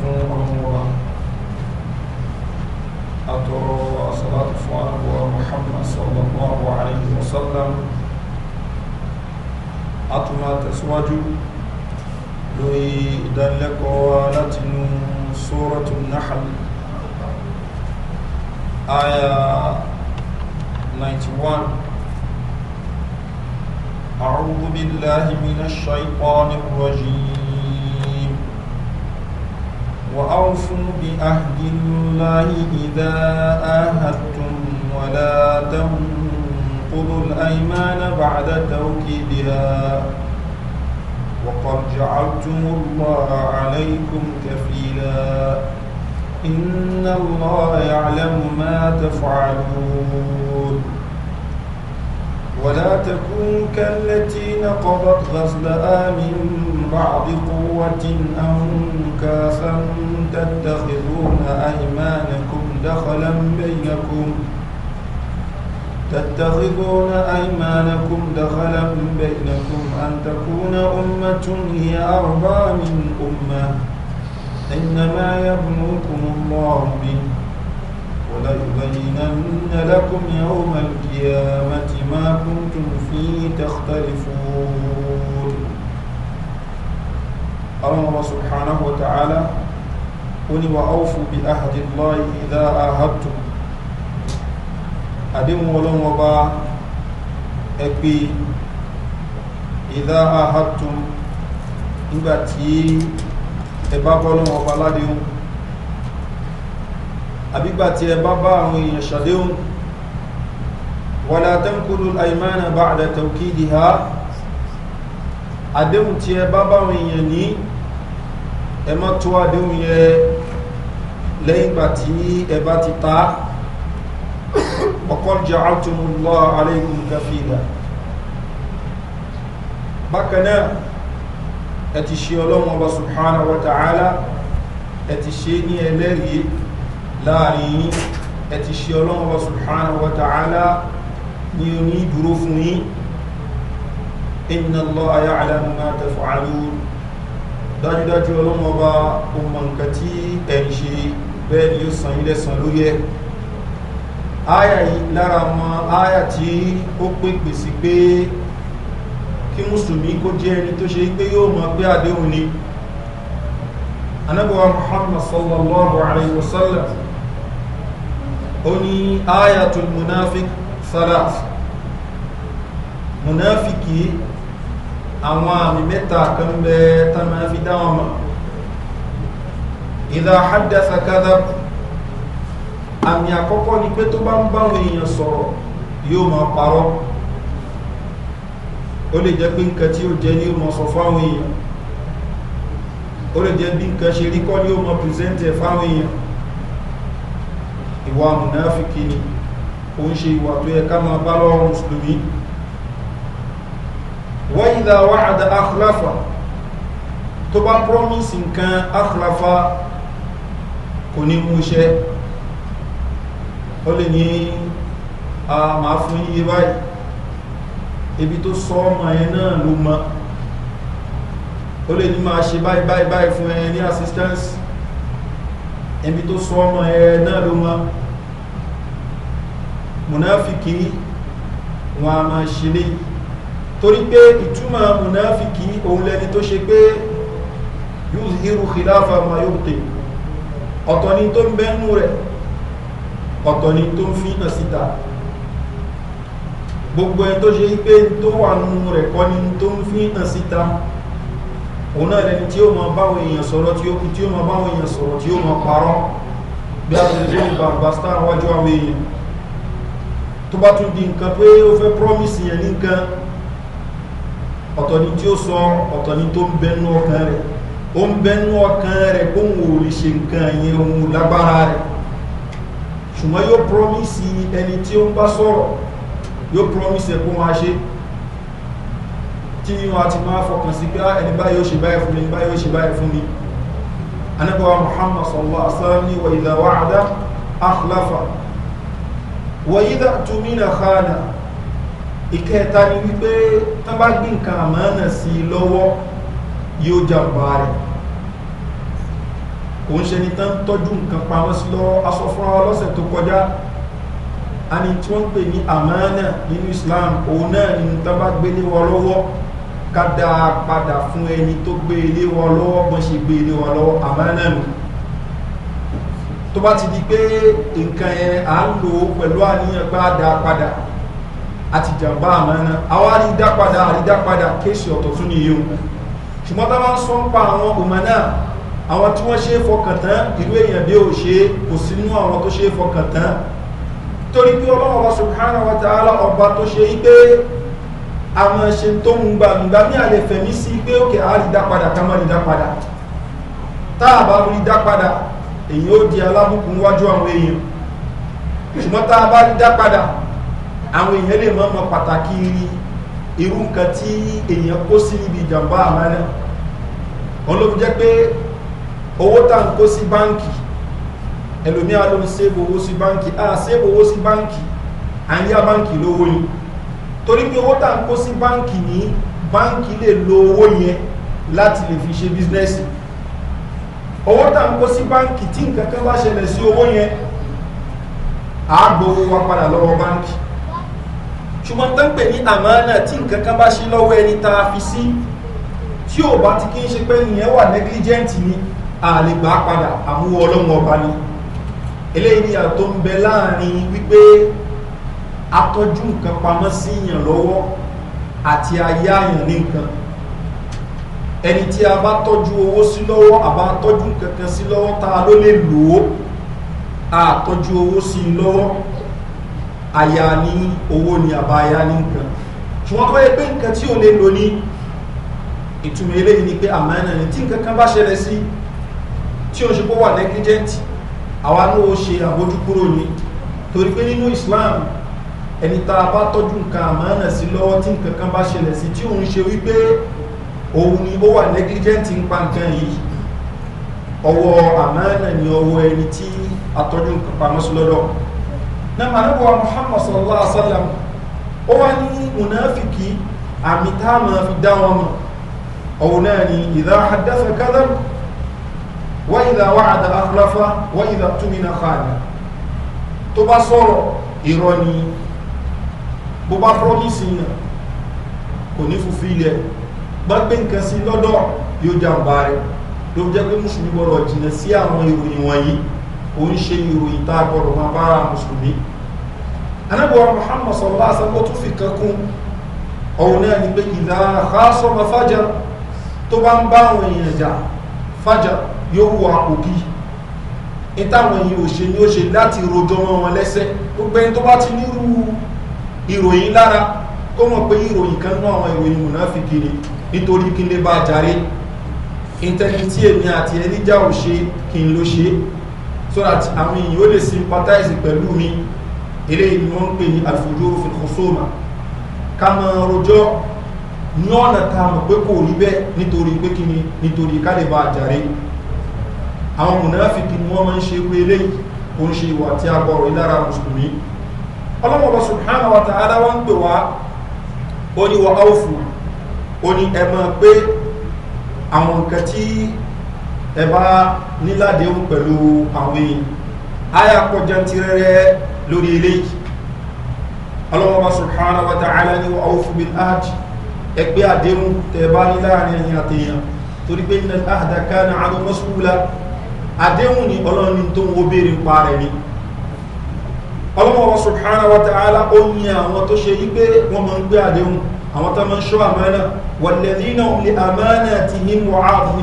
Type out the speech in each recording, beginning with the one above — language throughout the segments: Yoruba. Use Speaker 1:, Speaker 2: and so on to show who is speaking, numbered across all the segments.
Speaker 1: fún ọmọ wa àtọrọ àsàlátù fún àrùwà Muhammad sallallahu alayhi wa sallam àtúmọ̀ tẹ̀síwájú lórí ìdánilẹ́kọ̀ọ́ wa aya 91 أعوذ بالله من الشيطان الرجيم وأوفوا بعهد الله إذا آهدتم ولا تنقضوا الأيمان بعد توكيدها وقد جعلتم الله عليكم كفيلا إن الله يعلم ما تفعلون ولا تكونوا كالتي نقضت غزلها من بعض قوة أنكاثا تتخذون أيمانكم دخلا بينكم تتخذون أيمانكم دخلا بينكم أن تكون أمة هي أربى من أمة إنما يبنوكم الله به وليبينن لكم يوم القيامة ما كنتم فيه تختلفون الله سبحانه وتعالى قل وأوفوا بعهد الله إذا عاهدتم àdéhùn ọlọ́run ọba ẹgbẹ́ ìdá ahàtún nígbàtí ẹbá bọ́lọ́run ọba ládéhùn àbígbàtí ẹbá bá àwọn èèyàn ṣàdéhùn wàlá tẹ́mkúrú àìmánà bá àdàtàkì ìdíhá àdéhùn tí ẹbá bá àwọn èèyàn ní ẹ má tó àdéhùn yẹn lẹ́yìn ìgbà tí ẹ bá ti ta ọkọ̀ jẹ́ àtúnmùlọ́ aláìkùn káfíìdà bákan náà ẹ ti ṣe ọlọ́run ọba subhanahu wa ta'ala ẹ ti ṣe ní ẹlẹ́rìí láàrin yín ẹ ti ṣe ọlọ́run ọba subhanahu wa ta'ala ní onídúró fún yín inna allah ya alamu ma tafa'alun dájúdájú ọlọ́mọba ọmọ nǹkan tí ẹ̀ ń ṣe bẹ́ẹ̀ ni yóò san ilẹ̀ san lórí ẹ̀ áyà yìí lára mọ áyà tí ó pèpè sí pé kí mùsùlùmí kó jẹ́ ẹni tó ṣe pé yóò mọ̀ pé àdéhùn ni anábọ̀wá muhammad sallallahu alayhi wa sallam ó ní áyà tó munafik salat munafiki àwọn àmì mẹ́ta kan bẹ tán máa fi dá wọn mọ̀ ìdá haddasa kadab àmì àkọ́kọ́ ni pé tó bá ń báwọn èèyàn sọ̀rọ̀ yóò máa parọ́ ó lè jẹ́ pé nǹkan tí ó jẹ́ ní ó máa sọ fáwọn èèyàn ó lè jẹ́ bí nǹkan ṣe rí kọ́ ní ó máa pìrìsẹ́ntì ẹ̀ fáwọn èèyàn ìwà mùnáfíkì ni ó ń ṣe ìwà tó yẹ ká máa bá lọ́rùn mùsùlùmí waida wáhàdà akhlafa tó bá promise nǹkan akhlafa kò ní mú iṣẹ́ ó lè ní a máa fún yíyé báyìí ibi tó sọ ọmọ ẹ náà ló mọ ó lè ní máa ṣe báyìí báyìí báyìí fún ẹ ní assistance ibi to sọ ọmọ ẹ náà ló mọ mùnáfìkì wọn a máa torí pé ìtumọ̀ munafiki òun lẹni tó ṣe pé yuzhiru khilafa ma yurti ọ̀tọ̀ ni tó ń bẹ́nu rẹ̀ ọ̀tọ̀ ni tó ń fi náà síta gbogbo ẹni tó ṣe pé tó wà nínú rẹ̀ kọ́ ni tó ń fi síta òun náà tí ó mọ báwọn èèyàn sọ̀rọ̀ tí ó kú tí ó mọ báwọn èèyàn sọ̀rọ̀ tí ó mọ parọ́ bí a ti rí bàbástá wájú àwọn èèyàn tó bá tún di nǹkan pé ó fẹ́ promise yẹn ní ọ̀tọ̀ ni tí ó sọ ọ̀tọ̀ ni tó ń bẹnu ọkàn rẹ̀ ó ń bẹnu ọkàn rẹ̀ kó ń wòlì ṣe nǹkan yẹn ohun lágbára rẹ̀ ṣùgbọ́n yóò promise ẹni tí ó ń bá sọ̀rọ̀ yóò promise ẹ̀kún wa ṣe tí wọ́n ti máa fọkàn sí pé ah, ẹni báyìí ó ṣe báyìí fún mi báyìí ó ṣe báyìí fún mi anábọ̀wá muhammad sallallahu alaihi wasallam ni wa idha wa'ada akhlafa ìkẹta ni wípé tán bá gbé nǹkan àmọ́nà sí i lọ́wọ́ yóò jà ọ̀pá rẹ̀ kò ń ṣe ni tán tọ́jú nǹkan pamọ́ sí lọ́wọ́ aṣọ fúnra wa lọ́sẹ̀ tó kọjá a ní tí wọ́n ń pè ní àmọ́nà nínú Islam òun náà ni tán bá gbé lé wọn lọ́wọ́ ká dáa padà fún ẹni tó gbé lé wọn lọ́wọ́ bọ́n ṣe gbé lé wọn lọ́wọ́ àmọ́nà nù tó bá ti di pé nǹkan yẹn à ń lò pẹ̀lú àníyàn gbá dáa padà àti ìjàmbá àmọ́ná àwọn àrídápadà àrídápadà kéèsì ọ̀tọ̀ tún nìyí o ṣùgbọ́n tá máa sọ ń pa àwọn òmànà àwọn tí wọ́n ṣe é fọkàn tán ìlú èèyàn bí ó ṣe kò sínú àwọn tó ṣe é fọkàn torí pé ọlọ́wọ́ wa subhanahu wa ta'ala ọba tó ṣe yí pé àwọn ṣe tó ń gbà nígbà ní àlè fẹ̀mí sí pé òkè àrídápadà ká má rídápadà tá a àwọn èèyàn lè mọ ọmọ pàtàkì irú nǹkan tí èèyàn kó sí ibi ìjàmbá àmánà olóògùn jẹ́ pé owó tá à ń kó sí báǹkì ẹlòmíà ló ń sèbò owó sí báǹkì à sèbò owó sí báǹkì à ń yá báǹkì lówó ni torí pé owó tá à ń kó sí báǹkì ní báǹkì lè lo owó yẹn láti lè fi ṣe bísínẹ́sì owó tá à ń kó sí báǹkì tí nǹkan kan bá ṣẹlẹ̀ sí owó yẹn àá gbowó wa padà lọ́wọ́ báǹkì ṣùgbọ́n tó ń pè ní àmọ́nà tí nǹkan kan bá ṣe lọ́wọ́ ẹni tá a fi sí tí ò bá ti kí ń ṣe pé ìyẹn wà negligent ni àlè gbà padà àmúwọ ọlọ́run ọba ni eléyìí ni àtọ́ ń bẹ láàrin wípé atọ́jú nǹkan pamọ́ sí yàn lọ́wọ́ àti ayé àyàn ní nǹkan ẹni tí a bá tọ́jú owó sí lọ́wọ́ àbá tọ́jú nǹkan sí lọ́wọ́ ta ló lè lò ó àtọ́jú owó sí lọ́wọ́ àyà ní owó ni àbá àyà ní nǹkan ṣùgbọ́n kọ́ yẹ pé nǹkan tí ò lè lò ní ìtumọ̀ eléyìí ni pé àmánà ni tí nǹkan kan bá ṣẹlẹ̀ sí tí ó ṣe pé wà negligent àwa ní ó ṣe àbójúkúrò ni torí pé nínú islam ẹni tá a bá tọ́jú nǹkan àmánà sí lọ́wọ́ tí nǹkan kan bá ṣẹlẹ̀ sí tí òun ṣe wípé òun ni ó wà negligent ń pa nǹkan yìí ọwọ́ àmánà ni ọwọ́ ẹni tí atọ́jú nǹkan pamọ́ sí lọ́dọ̀ na manabu wa muhammad sallallahu alaihi wasallam ó wá ní munafiki àmì tá a máa fi dá wọn mọ òun náà ni ìdá hadasa kadà wa ìdá wàhádà akhlafa wa ìdá túmínà khana tó bá sọ̀rọ̀ irọ́ ni bó bá promise yàn kò ní fulfill ẹ̀ gbàgbé nǹkan sí lọ́dọ̀ yóò jàǹbá rẹ̀ ló jẹ́ pé mùsùlùmí gbọ́dọ̀ jìnnà sí àwọn ìròyìn wọ̀nyí kò ń ṣe ìròyìn tá a gbọdọ̀ máa bára mùsùlùmí anábọ̀ muhammad sọ̀rọ̀ àṣà ó tún fi kankun ọ̀hún náà ni pé ìlà àkásọ́mọ fájà tó bá ń bá àwọn èèyàn jà fájà yóò wọ àpòkì ìtàwọn èèyàn ò ṣe ni ó ṣe láti rojọ́ wọn lẹ́sẹ̀ gbogbo ẹni tó bá ti nírú ìròyìn lára ó mọ̀ pé ìròyìn kan náà àwọn ìròyìn mùnáfíkì ni nítorí kí n lè bá jàre ìtẹni tí èmi àti ẹni já ò ṣe kí n ló ṣe é so that àwọn èèyàn ó lè sympathize pẹ̀lú mi eléyìí ni wọ́n ń pè ní al-fujur fil khusuma ká máa rojọ́ ní ọ̀nà tá a mọ̀ pé kò rí bẹ́ẹ̀ nítorí pé kí ni nítorí ká lè ba àjàre àwọn mùnáfíkì ni wọ́n máa ń ṣe pé eléyìí kò ń ṣe ìwà tí a gbọ́rọ̀ ìlara mùsùlùmí ọlọ́mọba subhanahu wa ta'ala wọ́n ń pè wá ó ní wọ́n áwòfù ó ní ẹ máa pé àwọn nǹkan tí ẹ bá níládéhùn pẹ̀lú àwọn èèyàn ayé akọjá ti rẹ́rẹ́ lórí eléyìí ọlọ́wọ́ba subhanahu wa ta'ala ni wọ́n awúfu bil ahd ẹgbẹ́ àdéhùn tẹ̀ bá ní láàrin ẹ̀yìn àtẹ̀yàn torí pé iná ahda kana àánú ó ní àwọn tó ṣe wípé wọ́n máa ń gbé àdéhùn àwọn tó máa ń ṣọ́ àmánà wàlẹ́dínà òun lè àmánà ti ní mọ́ ààbò ní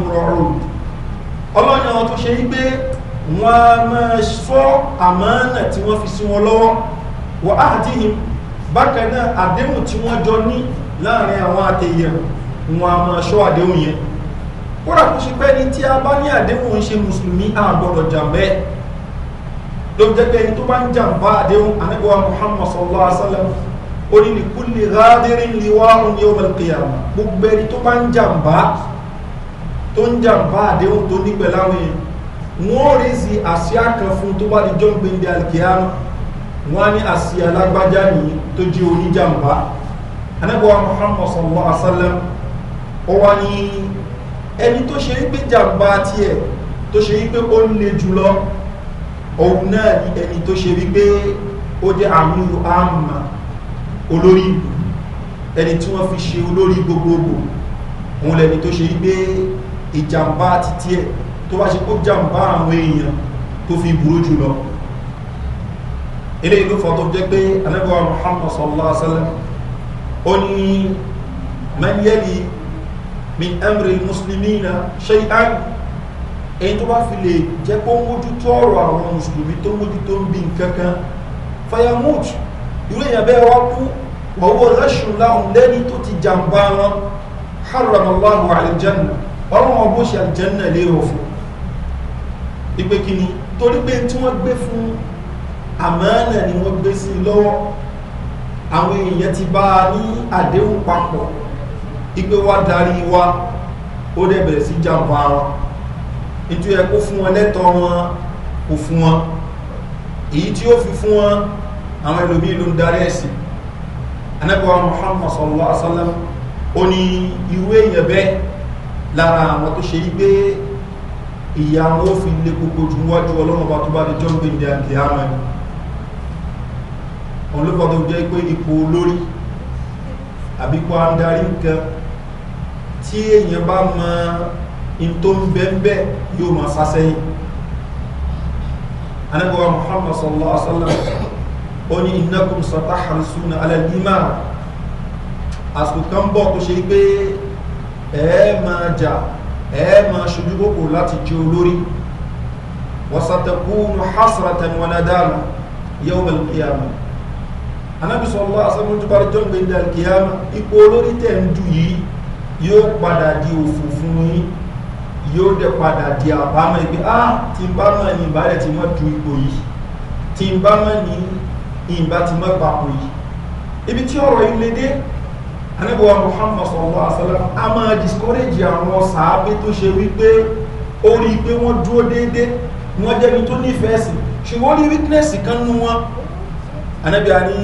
Speaker 1: ọlọ́ni àwọn tó ṣe yí pé wọ́n a máa sọ àmọ́nà tí wọ́n fi sí wọn lọ́wọ́ wọ́n á dì í bákan náà àdéhùn tí wọ́n jọ ní láàrin àwọn àtẹ̀yẹ̀ wọ́n a máa sọ àdéhùn yẹn kódà kó ṣe pẹ́ ní tí a bá ní àdéhùn ń ṣe mùsùlùmí àgbọ̀dọ̀ jàmbẹ́ ló jẹ́ pé ẹni tó bá ń jàmbá àdéhùn anábíwá muhammad sallallahu alaihi wa sallam ó ní nìkú lè rádìrín lè wá òun ní ọmọ ìpìyàmù gbogbo ẹni tó bá ń jàmbá tó ń jàǹbá àdéhùn tó ní pẹ̀lú àwọn èèyàn wọ́n rí sí àsíá kan fún tó bá di jọ́ ń pè ní alkiyama wọ́n ní àsíá alágbájá nìyí tó jí oníjàǹbá anábọ̀ muhammad sallallahu alaihi wa sallam ó wá ní ẹni tó ṣe wípé jàǹbá tiẹ̀ tó ṣe wípé ó ń le jùlọ òun náà ni ẹni tó ṣe wípé ó jẹ́ àmúlò àmà olórí ẹni tí wọ́n fi ṣe olórí gbogbogbò òun lẹni tó ṣe wípé ìjàmbá títí ẹ̀ tó bá ṣe kó jàmbá àwọn èèyàn tó fi burú jù lọ eléyìí ló fọ́ tó jẹ́ pé anábíwá muhammad sallallahu alaihi wa sallam ó ní mẹ́lẹ́lì min amri muslimina shay'an èyí tó bá fi lè jẹ́ pé ó mójútó ọ̀rọ̀ àwọn mùsùlùmí wọ́wọ́ rẹ́ṣùn láhùn lẹ́ni tó ti jàmbá wọn haramallahu aljanna ọlọ́run ọbọ̀ ṣe àjẹ́nà léèwọ̀ fún ìpè kìíní torí pé tí wọ́n gbé fún àmọ́nà ni wọ́n gbé sí lọ́wọ́ àwọn èèyàn ti bá a ní àdéhùn papọ̀ ìpè wa darí wa ó dẹ̀ bẹ̀rẹ̀ sí jàǹbá wọn nítorí ẹ kó fún wọn lẹ́tọ̀ọ́ wọn kò fún wọn èyí tí ó fi fún wọn àwọn ẹlòmíì ló ń darí ẹ̀sìn anábẹ́wà muhammad sallallahu alaihi wa sallam ó ní irú èèyàn bẹ́ẹ̀ lára àwọn tó ṣe wípé ìyá wọn fi lé gbogbo jù wájú ọlọ́mọba tó bá lè jọ́ gbé ní àǹdí àmọ́ ẹni olùkọ́ tó jẹ́ pé ipò olórí àbí kó andarí nǹkan tí èèyàn bá mọ in tó ń bẹ́ẹ̀ yóò máa sásẹ́yìn anábọ̀wá muhammad sallallahu alaihi wa sallam ó ní inákùn sọ́tà harisuna alẹ́ ìmáà àsìkò tó ṣe pé ẹ máa jà ẹ máa ṣojú kòkò láti jẹ olórí wasatakunu hasratan wa nadama yawm al-qiyamah anabi sallallahu alaihi wasallam tubar jong bin dal qiyama ipò olórí tẹ́ ndu yìí yóò padà di òfófó yín yóò dé padà di àbámọ̀ ibi ah tí n bá mọ̀ ní ìbá rẹ̀ tí wọ́n du ipò yìí tí n bá mọ̀ ní ìbá tí wọ́n papò yìí ibi tí ọ̀rọ̀ yìí lédè anábíwá muhammad sallallahu alaihi wasallam a máa discourage àwọn sàábé tó ṣe wípé ó rí i pé wọ́n dúró déédé wọ́n jẹ́ni tó nífẹ̀ẹ́ sí ṣùgbọ́n ó rí weakness kan nú wọn anábíwá ní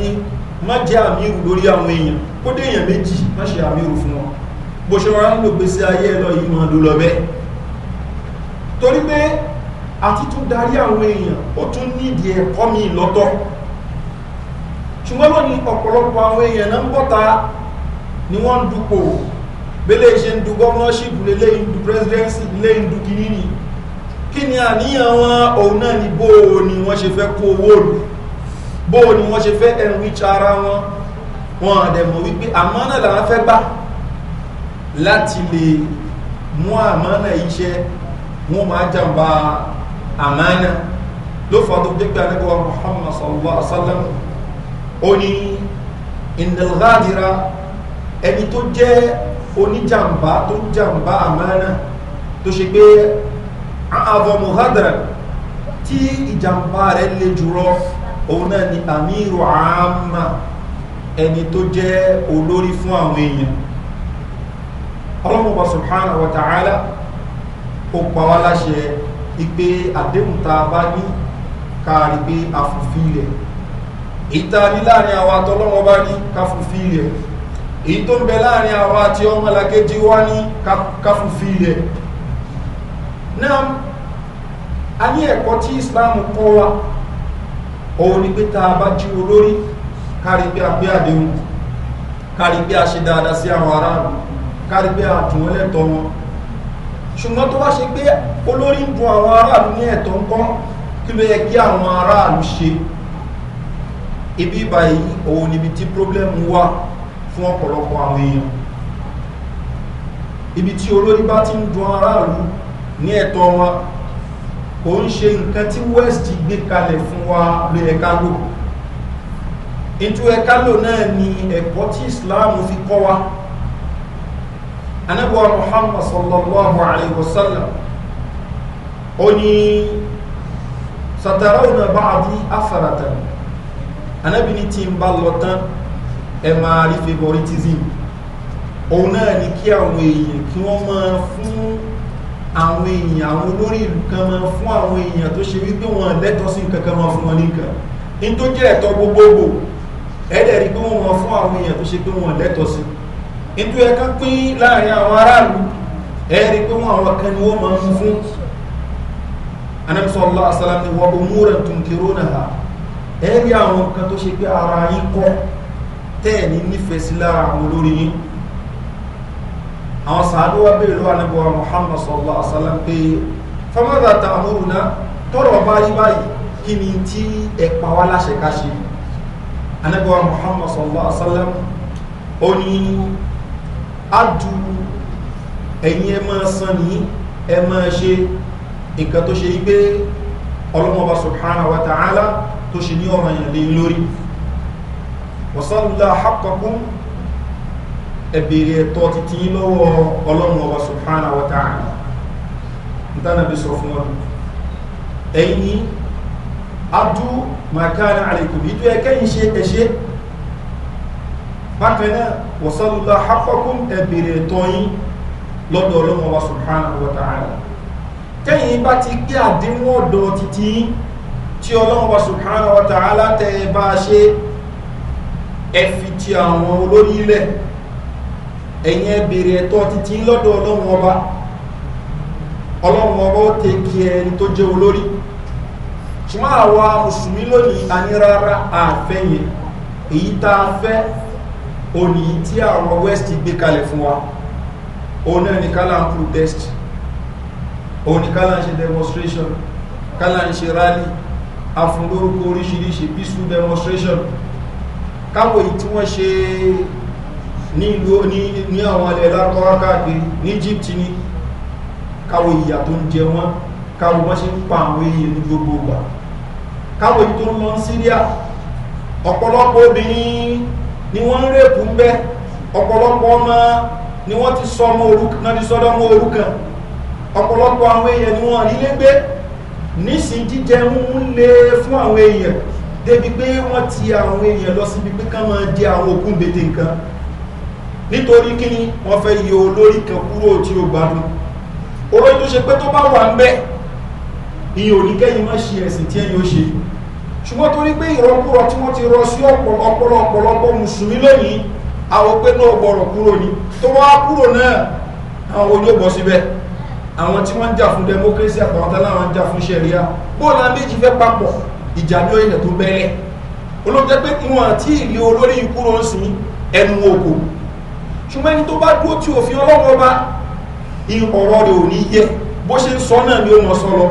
Speaker 1: má jẹ́ àmírù lórí àwọn èèyàn kó dé èèyàn méjì má ṣe àmírù fún wọn bó ṣe rọra ń lò gbèsè ayé ẹ lọ yìí máa lò lọ bẹ́ẹ̀ torí pé àti tún darí àwọn èèyàn ó tún nídìí ẹ̀kọ́ mi lọ́tọ̀ ṣùgbọ́n lónìí ọ̀pọ̀lọpọ̀ àwọn èèyàn náà ń bọ́ta ni wọ́n ń dupò bẹ́lẹ̀ ṣe ń du gọ́vnọ́ṣìpù lélẹ́yìn du presidency lélẹ́yìn du kínní ni kí ni àníyàn wọn òun náà ni bó o ni wọ́n ṣe fẹ́ kó owó lù bó o ni wọ́n ṣe fẹ́ enrich ara wọn wọn àdẹ̀mọ̀ wípé àmọ́ làwọn fẹ́ gbà láti lè mú àmọ́ náà wọn máa jàǹbá àmọ́ náà tó jẹ́ pé anábọ̀ sallallahu alaihi wa sallam ó ní ìndàlgádìrá ẹni tó jẹ́ oníjàmbá tó ń jàmbá àmánà tó ṣe pé àvọmù hadra tí ìjàmbá rẹ̀ le jùlọ òun náà ni amiru àmà ẹni tó jẹ́ olórí fún àwọn èèyàn ọlọ́mọba subhanahu wa ta'ala ó pa wá láṣẹ ipe àdéhùn tá a bá ní káàrí pé a rẹ̀ ìta ní láàrin àwọn atọ́lọ́mọba ní ká rẹ̀ èyí tó ń bẹ láàrin àwa àti ọmọlàkejì wá ní káfùfì rẹ̀ náà a ní ẹ̀kọ́ tí islam kọ́ wa òun ni pé tá a bá jí olórí kárí pé a gbé àdéhùn kárí pé a ṣe dáadáa sí àwọn aráàlú kárí pé a dùn wọ́n lẹ́tọ̀ọ́ wọn ṣùgbọ́n tó bá ṣe pé olórí ń dun àwọn aráàlú ní ẹ̀tọ́ ńkọ́ kí ló yẹ kí àwọn aráàlú ṣe ibi ìbàyí òun níbi tí pírọ́blẹ́mù wà fún ọ̀pọ̀lọpọ̀ àwọn èèyàn ibi tí olórí bá ti ń dun aráàlú ní ẹ̀tọ́ wọn kò ń ṣe nǹkan tí west gbé kalẹ̀ fún wa lé ẹ̀ka lò ètò ẹ̀ka lò náà ni ẹ̀kọ́ tí islam fi kọ́ wa anabuwa muhammad sallallahu alayhi wa sallam ó ní satarawuna ba'adi afaratan anabi ni ń bá lọ tán ẹ máa rí favoritism òun náà ni kí àwọn èèyàn kí wọ́n máa fún àwọn èèyàn àwọn olórí ìlú kan máa fún àwọn èèyàn tó ṣe wípé wọn lẹ́tọ̀ọ́ sí nǹkan kan máa fún wọn nìkan ní tó jẹ́ ẹ̀tọ́ gbogbogbò ẹ̀ẹ́dẹ̀ rí pé wọ́n máa fún àwọn èèyàn tó ṣe pé wọn lẹ́tọ̀ọ́ sí nítorí ẹ kán pín láàrin àwọn aráàlú ẹ̀ẹ́rí pé wọ́n àwọn kan ni wọ́n máa ń fún anamsọ́lá asálàmì wọ́n omúrẹ̀ tunkiró náà ẹ̀ẹ́rí àwọn kan tó ṣe pé ara yín kọ́ tẹ́ẹ̀ni nífẹ̀ẹ́ sí lára àwọn olórí yín àwọn sàádó wá bèèrè lọ́wọ́ anábọ̀wá muhammad sallallahu alaihi wa sallam pé fọmọdà ta àmúrù náà tọrọ báyìí báyìí kí ni tí ẹ pa wá láṣẹ ká ṣe anábọ̀wá muhammad sallallahu alaihi wa sallam ó ní adu ẹ̀yin ẹ máa san ní ẹ máa ṣe nǹkan tó ṣe yí pé ọlọ́mọba subhanahu wa ta'ala tó ṣe ní ọ̀ràn yẹn lórí wàsálùlá àkọ́kún ẹ̀bẹ̀rẹ̀ ẹ̀tọ́ títí lọ́wọ́ ọlọ́run ọba subhana wa ta'ala ntánàbí sọ fún wọn ẹ̀yìn adú makana alaykum ìdú ẹ̀kẹ́yìn ṣe ẹ̀ṣẹ́ bákan náà wàsálùlá àkọ́kún ẹ̀bẹ̀rẹ̀ ẹ̀tọ́ yín lọ́dọ̀ ọlọ́run ọba subhana wa ta'ala tẹ́yìn bá ti gbé àdéhùn ọ̀dọ̀ títí tí ọlọ́run ọba subhana wa ta'ala tẹ́ bá ṣe ẹ fi ti àwọn olórí ilẹ̀ ẹ̀yin ẹ béèrè ẹ̀tọ́ títí lọ́dọ̀ ọlọ́run ọba ọlọ́run ọba ó te kí ẹni tó jẹ́ olórí ṣùgbọ́n àwa mùsùlùmí lónìí anírara àfẹ́yìn èyí tá a fẹ́ òní tí àwọn west gbé kalẹ̀ fún wa òun náà ni kálá ń protest òun ni kálá ń ṣe demonstration kálá ń ṣe rally afúnlórúkọ oríṣiríṣi peaceful demonstration káwọn èyí tí wọ́n ṣe ní àwọn ilẹ̀ lárúbáwá káàkiri ní egypt ní káwọn ìyà tó ń jẹ wọ́n káwọn wọ́n ṣe ń pa àwọn èyí ní gbogbo ìgbà káwọn èyí tó ń lọ síríà ọ̀pọ̀lọpọ̀ obìnrin ni wọ́n ń rèpù ń ọ̀pọ̀lọpọ̀ ọmọ ni wọ́n ti sọ ọmọ orúkọ náà ti sọ́dọ̀ ọmọ orúkọ ọ̀pọ̀lọpọ̀ àwọn èèyàn ni wọ́n rí lé gbé nísìnyí jíjẹ ń lé fún àwọn èèyàn débi pé wọ́n ti àwọn èèyàn lọ síbi pé ká máa jẹ àwọn òkun bètè nǹkan nítorí kíni wọ́n fẹ́ yọ olórí kan kúrò tí ó gbádùn olórí tó ṣe pé tó bá wà ń bẹ́ ìyẹn ò ní kẹ́yìn má ṣe ẹ̀sìn tí ẹ̀yìn ó ṣe ṣùgbọ́n torí pé ìrọ́kúrọ tí wọ́n ti rọ sí ọ̀pọ̀lọpọ̀ ọ̀pọ̀lọpọ̀ mùsùlùmí lónìí àwọn pé náà gbọ́rọ̀ kúrò ní tó wá kúrò náà àwọn olóògbọ̀ síbẹ̀ àwọn tí wọ́n ń jà fún democracy àtàwọn tẹ́lá àwọn ń jà fún sẹ̀ríà bóòlù àbíjì fẹ́ papọ̀ ìjà ní òyìnbó tó bẹ́lẹ̀ olóòjẹ́ pé wọn àti ìlú olórí ikú ló ń sin ẹnu oko ṣùgbọ́n ẹni tó bá dúró tí òfin ọlọ́wọ́ bá ọ̀rọ̀ rẹ̀ ò ní yẹ bó ṣe ń sọ náà ni ó mọ̀ sọ lọ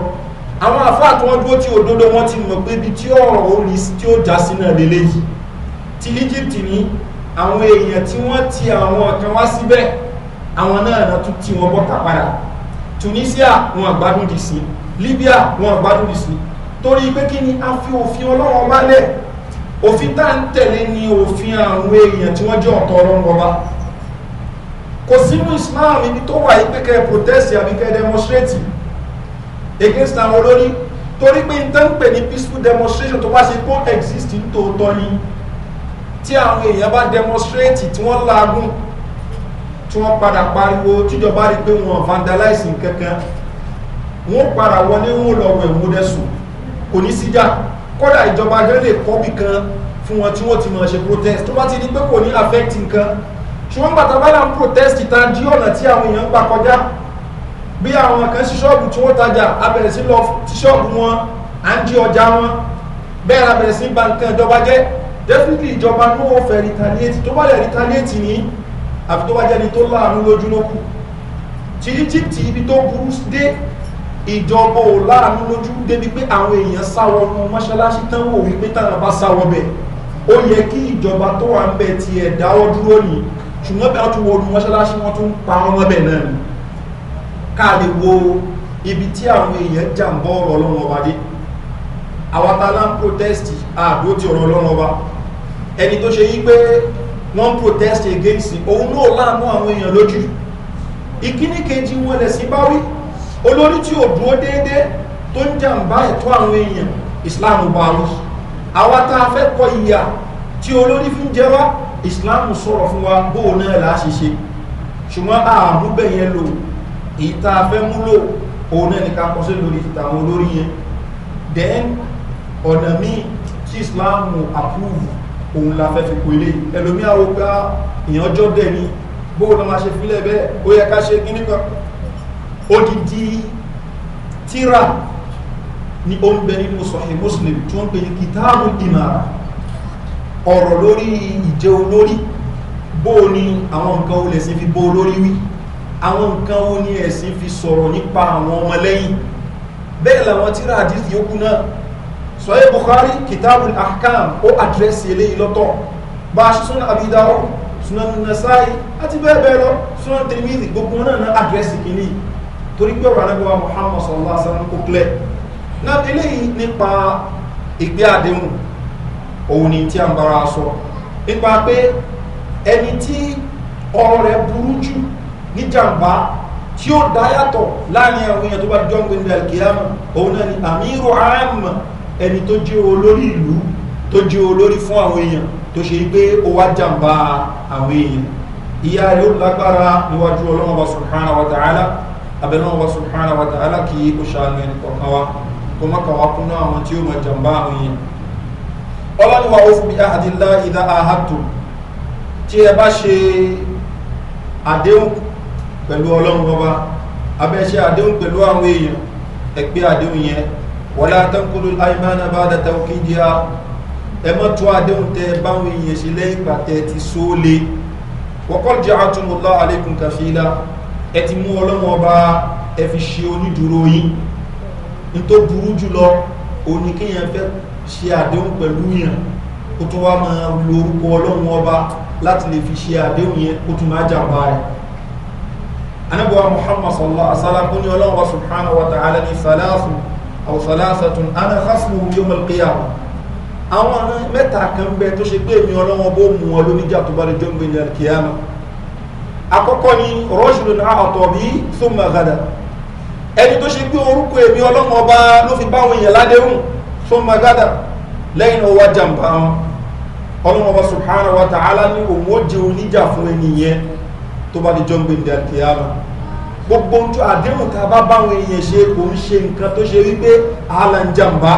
Speaker 1: àwọn àfáà tí wọ́n dúró tí òdodo wọn ti mọ̀ pé ibi tí ọ̀rọ̀ orí tí ó já sí náà lélẹ́yìí ti egypt ní àwọn èèyàn tí wọ́n ti àwọn kan wá síbẹ̀ àwọn náà náà tún ti wọn bọ́ta padà tunisia wọn àgbádùn dì sí libya wọn àgbádùn dì sí torí pé kí ni a fi òfin ọlọ́wọ́n bá lẹ̀ òfin tá à ń tẹ̀lé ni òfin àwọn èèyàn tí wọ́n jẹ́ ọ̀tọ̀ ọlọ́run ọba kò sínú islam ibi tó wà yìí pé kẹ́ ẹ protest àbí kẹ́ ẹ demonstrate against àwọn olórí torí pé n tán pè ní peaceful demonstration tó bá ṣe kó exist nítòótọ́ ni tí àwọn èèyàn bá demonstrate tí wọ́n laagun tí wọ́n padà pariwo tíjọba rí pé wọ́n vandalize nǹkan kan wọ́n padà wọlé wọn lọ wẹ̀ wọ́n dẹ̀ sùn kò ní síjà kódà ìjọba gẹ́lẹ́ lè kọ́ bì kan fún wọn tí wọ́n ti máa ṣe protest tó bá ti di pé kò ní affect nǹkan ṣùgbọ́n bàtà bá làm protest ta di ọ̀nà tí àwọn èèyàn gbà kọjá bí àwọn kan sí ṣọ́ọ̀bù tí wọ́n tajà abẹ̀rẹ̀ sí lọ sí ṣọ́ọ̀bù wọn à ń di ọjà wọn bẹ́ẹ̀ abẹ̀rẹ̀ sí ba nǹkan ìjọba jẹ́ definitely ìjọba ní wọ́n fẹ́ retaliate tó bá lẹ̀ retaliate ní àfi tó bá jẹ́ni tó láàánú lójú lókù tí egypt ibi tó burú dé ìjọba ò láàánú lójú débi pé àwọn èèyàn sáwọ ọmọ mọ́ṣáláṣí tán wò wípé táwọn bá sáwọ bẹ̀ ó yẹ kí ìjọba tó wà ń bẹ̀ tiẹ̀ dáwọ́ dúró ní ṣùgbọ́n bí wọ́n tún wo ọdún mọ́ṣáláṣí wọ́n tún pa ọmọ bẹ̀ náà ni ká lè wo ibi tí àwọn èèyàn jàǹbọ́ ọ̀rọ̀ ọlọ́run ọba dé àwọn tààlà ń protest àdó ti ọ̀rọ̀ ọlọ́run ọba ẹni tó ṣe yí pé wọ́n ń protest against òun náà láàánú àwọn èèyàn lójú ìkíní kejì wọn lẹ̀ sí báwí olórí tí ò dúró déédéé tó ń jàǹbá ẹ̀tọ́ àwọn èèyàn islam bá wí àwa tá a fẹ́ kọ ìyà tí olórí fi jẹ wá islam sọ̀rọ̀ fún wa bó náà là ṣe ṣùgbọ́n ààmú bẹ́ẹ̀ yẹn lò èyí tá a fẹ́ mú lò òun náà ní ká kọ́ sí lórí ìtàwọn olórí yẹn then ọ̀nà míì tí islam approve òun la fẹ́ fi kó ilé ẹlòmíà ó gbá ah, ìyànjọ́ dẹ̀ ni bó náà máa ṣe fílẹ̀ bẹ́ẹ̀ ó yẹ ká ṣe kíníkan odidi tíra ni ó ń bẹ nínú sọ̀hìn muslim tí wọ́n pè ní kìtàbù ìmàrà ọ̀rọ̀ lórí ìjẹ́ olórí bó ni àwọn nǹkan olè sí fi bó olórí wí àwọn nǹkan ó ní ẹ̀sìn fi sọ̀rọ̀ nípa àwọn ọmọlẹ́yìn bẹ́ẹ̀ làwọn tíra àdìsí yókù náà sọ̀hìn buhari kìtàbù akam ó àdírẹ́sì eléyìí lọ́tọ̀ bá a ṣe súnà àbídáwọ̀ súnà àti bẹ́ẹ̀ bẹ́ẹ̀ lọ súnà tèmíìlì gbogbo náà náà àdírẹ́sì kìíní yìí torí pé ọ̀rọ̀ anábíwá muhammad sallallahu alaihi wa sallam kò clear náà eléyìí nípa ìgbé àdéhùn òun ni tí a ń bára sọ nípa pé ẹni tí ọrọ̀ rẹ̀ burú jù ní jàǹbá tí ó dá yàtọ̀ láàrin àwọn èèyàn tó bá jọ́ ń gbé nílẹ̀ kìlámù òun náà ni àmírò àmà ẹni tó jẹ́ olórí ìlú tó jẹ́ olórí fún àwọn èèyàn tó ṣe pé ó wá jàǹbá àwọn èèyàn ìyá rẹ̀ ó lágbára níwájú ọlọ́mọba subhanahu wa ta'ala abẹ́lẹ́wọ̀n wa subhanahu wa ta'ala kì í kó ṣàánú ẹni kọ̀ọ̀kan wa kó má kàwá kúnná àwọn tí ó mọ jàmbá àwọn yẹn ọlọ́ni wa ó fún bí ahadilá ìdá ahàtò tí ẹ bá ṣe àdéhùn pẹ̀lú ọlọ́run ọba abẹ́ ṣe àdéhùn pẹ̀lú àwọn èèyàn ẹgbẹ́ àdéhùn yẹn wọlé atẹ́kùnlú àìmánà bá dàtà òkè jẹ́ a ẹ mọ́ tó àdéhùn tẹ báwọn èèyàn ṣe lẹ́yìn pàtẹ́ ti sóòlé wọ́kọ́ jẹ́ àtúnmọ̀lá àlékún kàfílà ẹ ti mú ọlọ́wọ́n ọba ẹ fi ṣe onídùúró yín ní tó burú jùlọ òní kéèyàn fẹ́ ṣe àdéhùn pẹ̀lú yàn ó tún wá máa lo orúkọ ọlọ́wọ́n ọba láti lè fi ṣe àdéhùn yẹn ó tún máa jàmbá rẹ̀ anabuwa muhammad sallallahu alaihi wasallam kuni ọlọ́wọ́ subhanahu wa ta'ala ni salasun aw salasatun ana khasmuhum yawm al-qiyamah àwọn mẹ́ta kan bẹ tó ṣe pé èmi ọlọ́wọ́ bó mú wọn lóníjà tó bá lè jọ́ ń gbé ní al àkọ́kọ́ ni rọ́ṣùlù náà ọ̀tọ̀ bí súnmọ̀ gàdà ẹni tó ṣe pé orúkọ èmi ọlọ́mọ ọba ló fi báwọn èèyàn ládéhùn súnmọ̀ gàdà lẹ́yìn ọwọ́ jàǹbá wọn ọlọ́mọ ọba subhana wa ta'ala ní òun ó jẹ oníjà fún ẹni yẹn tó bá di jọ́ǹgbé ní àkíyàmà gbogbo ojú àdéhùn tá a bá báwọn èèyàn ṣe kò ń ṣe nǹkan tó ṣe wípé àhàlà ń jàǹbá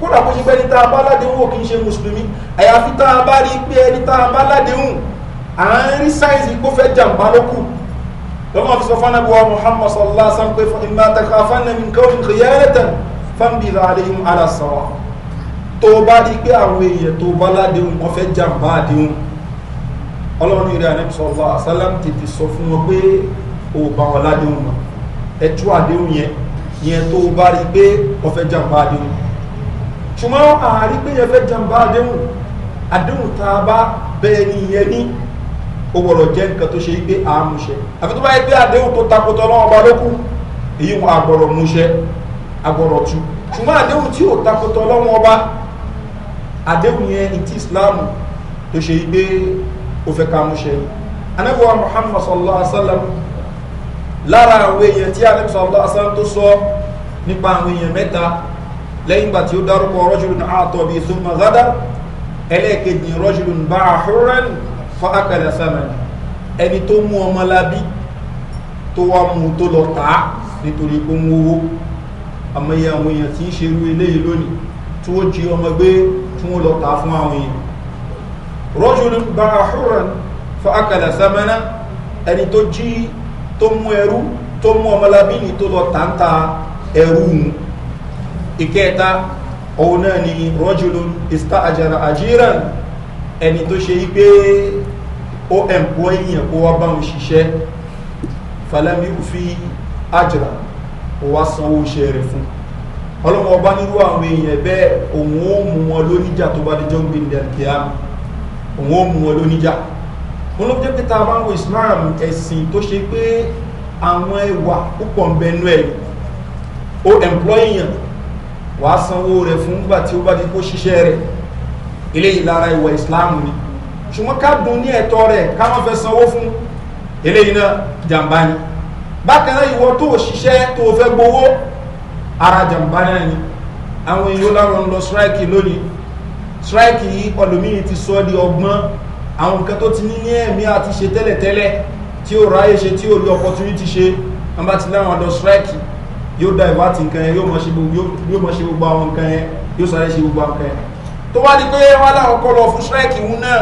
Speaker 1: kódà kó ṣe pé ẹni tá a bá ládéhùn ò kì í ṣe mùsùlùmí àyàfi tá a bá rí pé ẹni tá a bá ládéhùn à ń rí sáyẹ̀nsì kó fẹ́ jàǹbá lókù lọ́mọ fi sọ fanabuwa muhammad sallallahu alaihi wa sallam pé ìmọ̀ àtàkàfánà mi kọ́ nǹkan yẹ́rẹ́tẹ̀ fáńbìlà àlehim aláṣàwà tó bá rí pé àwọn èèyàn tó bá ládéhùn wọ́n fẹ́ jàǹbá àdéhùn ọlọ́run ìrẹ́ àníbi sọ̀rọ̀ àṣálàm tètè sọ fún wọn pé o bá wọn ládéhùn mọ́ ẹ tú àdéhùn yẹn yẹn tó bá rí pé wọ́n fẹ́ jàǹbá àdéhùn ṣùgbọ́n àárí pé yẹn fẹ́ jàǹbá àdéhùn àdéhùn tá a bá bẹ́ẹ̀ ni yẹn ní ó wọ̀rọ̀ jẹ́ nǹkan tó ṣe pé à ń múṣẹ àfi tó bá yẹ pé àdéhùn tó takotọ lọ́wọ́ ba lókù èyí wọn àgbọ̀rọ̀ múṣẹ àgbọ̀rọ̀ tu ṣùgbọ́n àdéhùn tí ò takotọ lọ́wọ́ ọba àdéhùn yẹn ti ìsìláàmù tó ṣe pé ó ká múṣẹ yìí anábíwá muhammad sallallahu alaihi wa sallam lára àwọn èèyàn tí anábíwá sallallahu alaihi wa sallam tó sọ nípa àwọn èèyàn mẹ́ta lẹ́yìn ìgbà tí ó dárúkọ rọ́jùlùn àtọ̀bí súnmọ́ gádà ẹlẹ́ẹ̀kejì rọ́jùlùn bá àhúrẹ́nù fa akẹ́lẹ́ sẹ́mẹ̀ ẹni tó mú ọmọ lábí tó wá mú tó lọ tà á nítorí pé ń wówó àmọ́ iye àwọn èèyàn tí ń ṣerú eléyìí lónìí tí wọ́n jí ọmọ gbé tí wọ́n lọ tà fún àwọn èèyàn rọ́jò bá àhúrà fọ́ akẹ́lẹ́ sẹ́mẹ̀ náà ẹni tó jí tó mú ẹrú tó mú ọmọ lábí ni tó lọ tà ń ta ẹrú ìkẹta òun náà ni rọ́jò ìsta àjàrà àjíran ẹni tó ṣe yí pé ó employ yẹn kó wá bá wọn ṣiṣẹ́ falẹ́mi òfi àjìrà ó wá sanwó iṣẹ́ rẹ̀ fún ọlọ́mọ ọba nírú àwọn èèyàn bẹ́ẹ̀ òun ó mú wọn lóníjà tó bá dijọ́ gbẹ̀ndẹ̀ kíám òun ó mú wọn lóníjà wọn ló jẹ́ pé tá a ẹ̀sìn tó ṣe pé àwọn ẹwà púpọ̀ ń bẹnu ẹ̀ ó employ yẹn wàá sanwó rẹ̀ fún gbà tí ó bá di kó ṣiṣẹ́ rẹ̀ eléyìí lára ìwà islam ni ṣùgbọ́n ká dùn ní ẹ̀tọ́ rẹ̀ ká wọ́n fẹ́ sanwó fún eléyìí náà jàǹbá ni bákan náà ìwọ tó ṣiṣẹ́ tó fẹ́ gbowó ara jàǹbá náà ni àwọn èèyàn láwọn lọ strike lónìí strike yìí ọlòmíì ti sọ di ọgbọ́n àwọn nǹkan tó ti ní ní ẹ̀mí àti ṣe tẹ́lẹ̀tẹ́lẹ̀ tí ó ráyè ṣe tí ó rí opportunity ṣe wọn bá ti láwọn lọ strike yóò divert nǹkan yẹn yóò mọ ṣe gbogbo àwọn nǹkan yẹn yóò sáré ṣe gbogbo àwọn nǹkan yẹn tó wá di pé wọn láwọn kọ lọ fún strike ìhun náà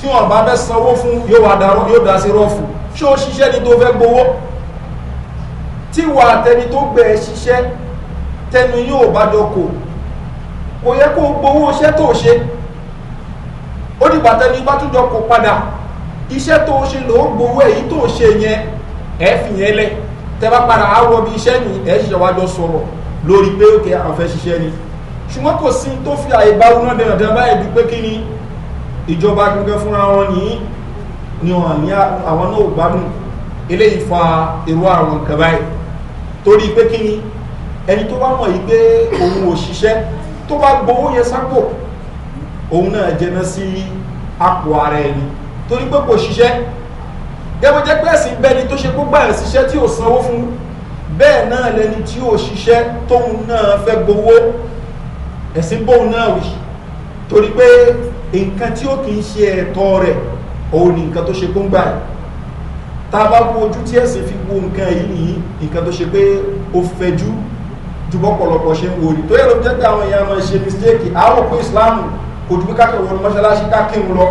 Speaker 1: tí wọ́n bá fẹ́ sanwó fún yóò wá darọ́ yóò dá sí rọ́ọ̀fù ṣé ó ṣiṣẹ́ ni tó fẹ́ gbowó tí wà tẹni tó gbẹ ṣiṣẹ́ tẹnu yóò bá jọ kò kò yẹ kó gbowó iṣẹ́ tó ṣe ó dìgbà tẹni bá tún jọ kò padà iṣẹ́ tó ṣe ló gbowó èyí tó ṣe yẹn ẹ fi yẹn lẹ tẹ bá padà á wọ bí ni ẹ ṣiṣẹ́ wájọ sọ̀rọ̀ lórí pé òkè àwọn fẹ́ ṣiṣẹ́ ni ṣùgbọ́n kò sí tó fi àyè bá wúná dẹ̀rọ̀dẹ̀ báyìí ju kí ni ìjọba gẹ́gẹ́ fúnra wọn ní ni wọn ní àwọn náà ò gbádùn eléyìí fa irú àrùn nǹkan báyìí torí pé kí ni ẹni tó bá mọ̀ yìí pé òun ò ṣiṣẹ́ tó bá gbowó yẹn sápò òun náà jẹná sí apò ara ẹni torí pé kò ṣiṣẹ́ gẹ́gẹ́ jẹ́ pé ẹ̀sìn bẹ́ni tó ṣe gbogbo àrẹ̀ ṣiṣẹ́ tí ò sanwó fún bẹ́ẹ̀ náà lẹni tí ò ṣiṣẹ́ tóun náà fẹ́ gbowó ẹ̀sìn bóun náà wì torí pé nǹkan tí ó kì í ṣe ẹ̀tọ́ rẹ̀ òun ni nǹkan tó ṣe kó ń gbà yìí tá a bá wo ojú tí ẹ̀sìn fi wo nǹkan yìí nìyí nǹkan tó ṣe pé ó fẹjú ju bọ́pọ̀lọpọ̀ ṣe ń wo ni tó yẹ ló jẹ́ pé àwọn èèyàn máa ṣe mistake àwọn òpin islam kò ju pé káàkiri wọn mọ́ṣáláṣí ká kírun lọ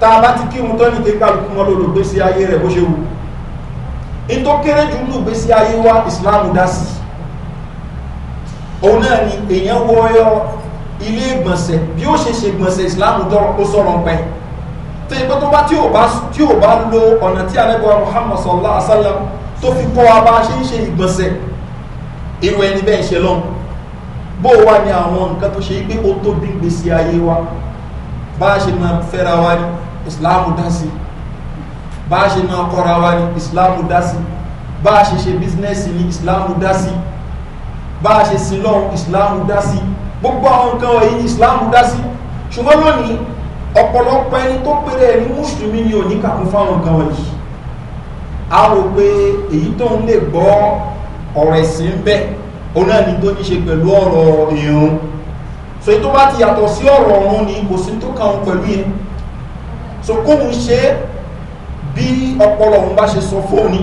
Speaker 1: tá bá ti kírun tán nìkan kálukú mọ́ lòdò gbèsè ayé rẹ̀ bó ṣe wù ní tó kéré jù ní gbèsè ayé wa islam dá sí òun náà ni èèyàn wọ ilé ìgbọ̀nsẹ̀ bí ó ṣe ṣe gbọ̀nsẹ̀ ìsìláàmù dọ́rọ̀ ó sọ̀rọ̀ pẹ́ tó yẹ pé tó bá tí ò bá tí ò bá lo ọ̀nà tí alẹ́gbẹ̀wá muhammad sallallahu alaihi wa sallam tó fi kọ́ wa bá ṣe ń ṣe ìgbọ̀nsẹ̀ irú ẹni bẹ́ẹ̀ ṣe lọ́n bó wà ní àwọn nǹkan tó ṣe pé ó tóbi gbèsè ayé wa bá a ṣe máa fẹ́ra wa ní ìsìláàmù dá sí bá a ṣe máa kọ́ra wa ní ìsìláàmù dá sí bá a ṣe ṣe bísínẹ́sì ní ìsìláàmù dá sí bá a ṣe sin lọ́run ìsìláàmù dá sí gbogbo àwọn nǹkan wọ̀nyí islam dá sí ṣùgbọ́n lónìí ọ̀pọ̀lọpọ̀ ẹni tó péré ẹni mùsùlùmí ni ò ní kàkún fáwọn nǹkan wọ̀nyí a rò pé èyí tó ń lè gbọ́ ọ̀rọ̀ ẹ̀sìn ń òun náà ni tó ní ṣe pẹ̀lú ọ̀rọ̀ ìrún so tó bá ti yàtọ̀ sí ọ̀rọ̀ ọ̀run ni kò sí tó kàn pẹ̀lú yẹn so kóun ṣe bí ọpọlọ òun bá ṣe sọ fóun ni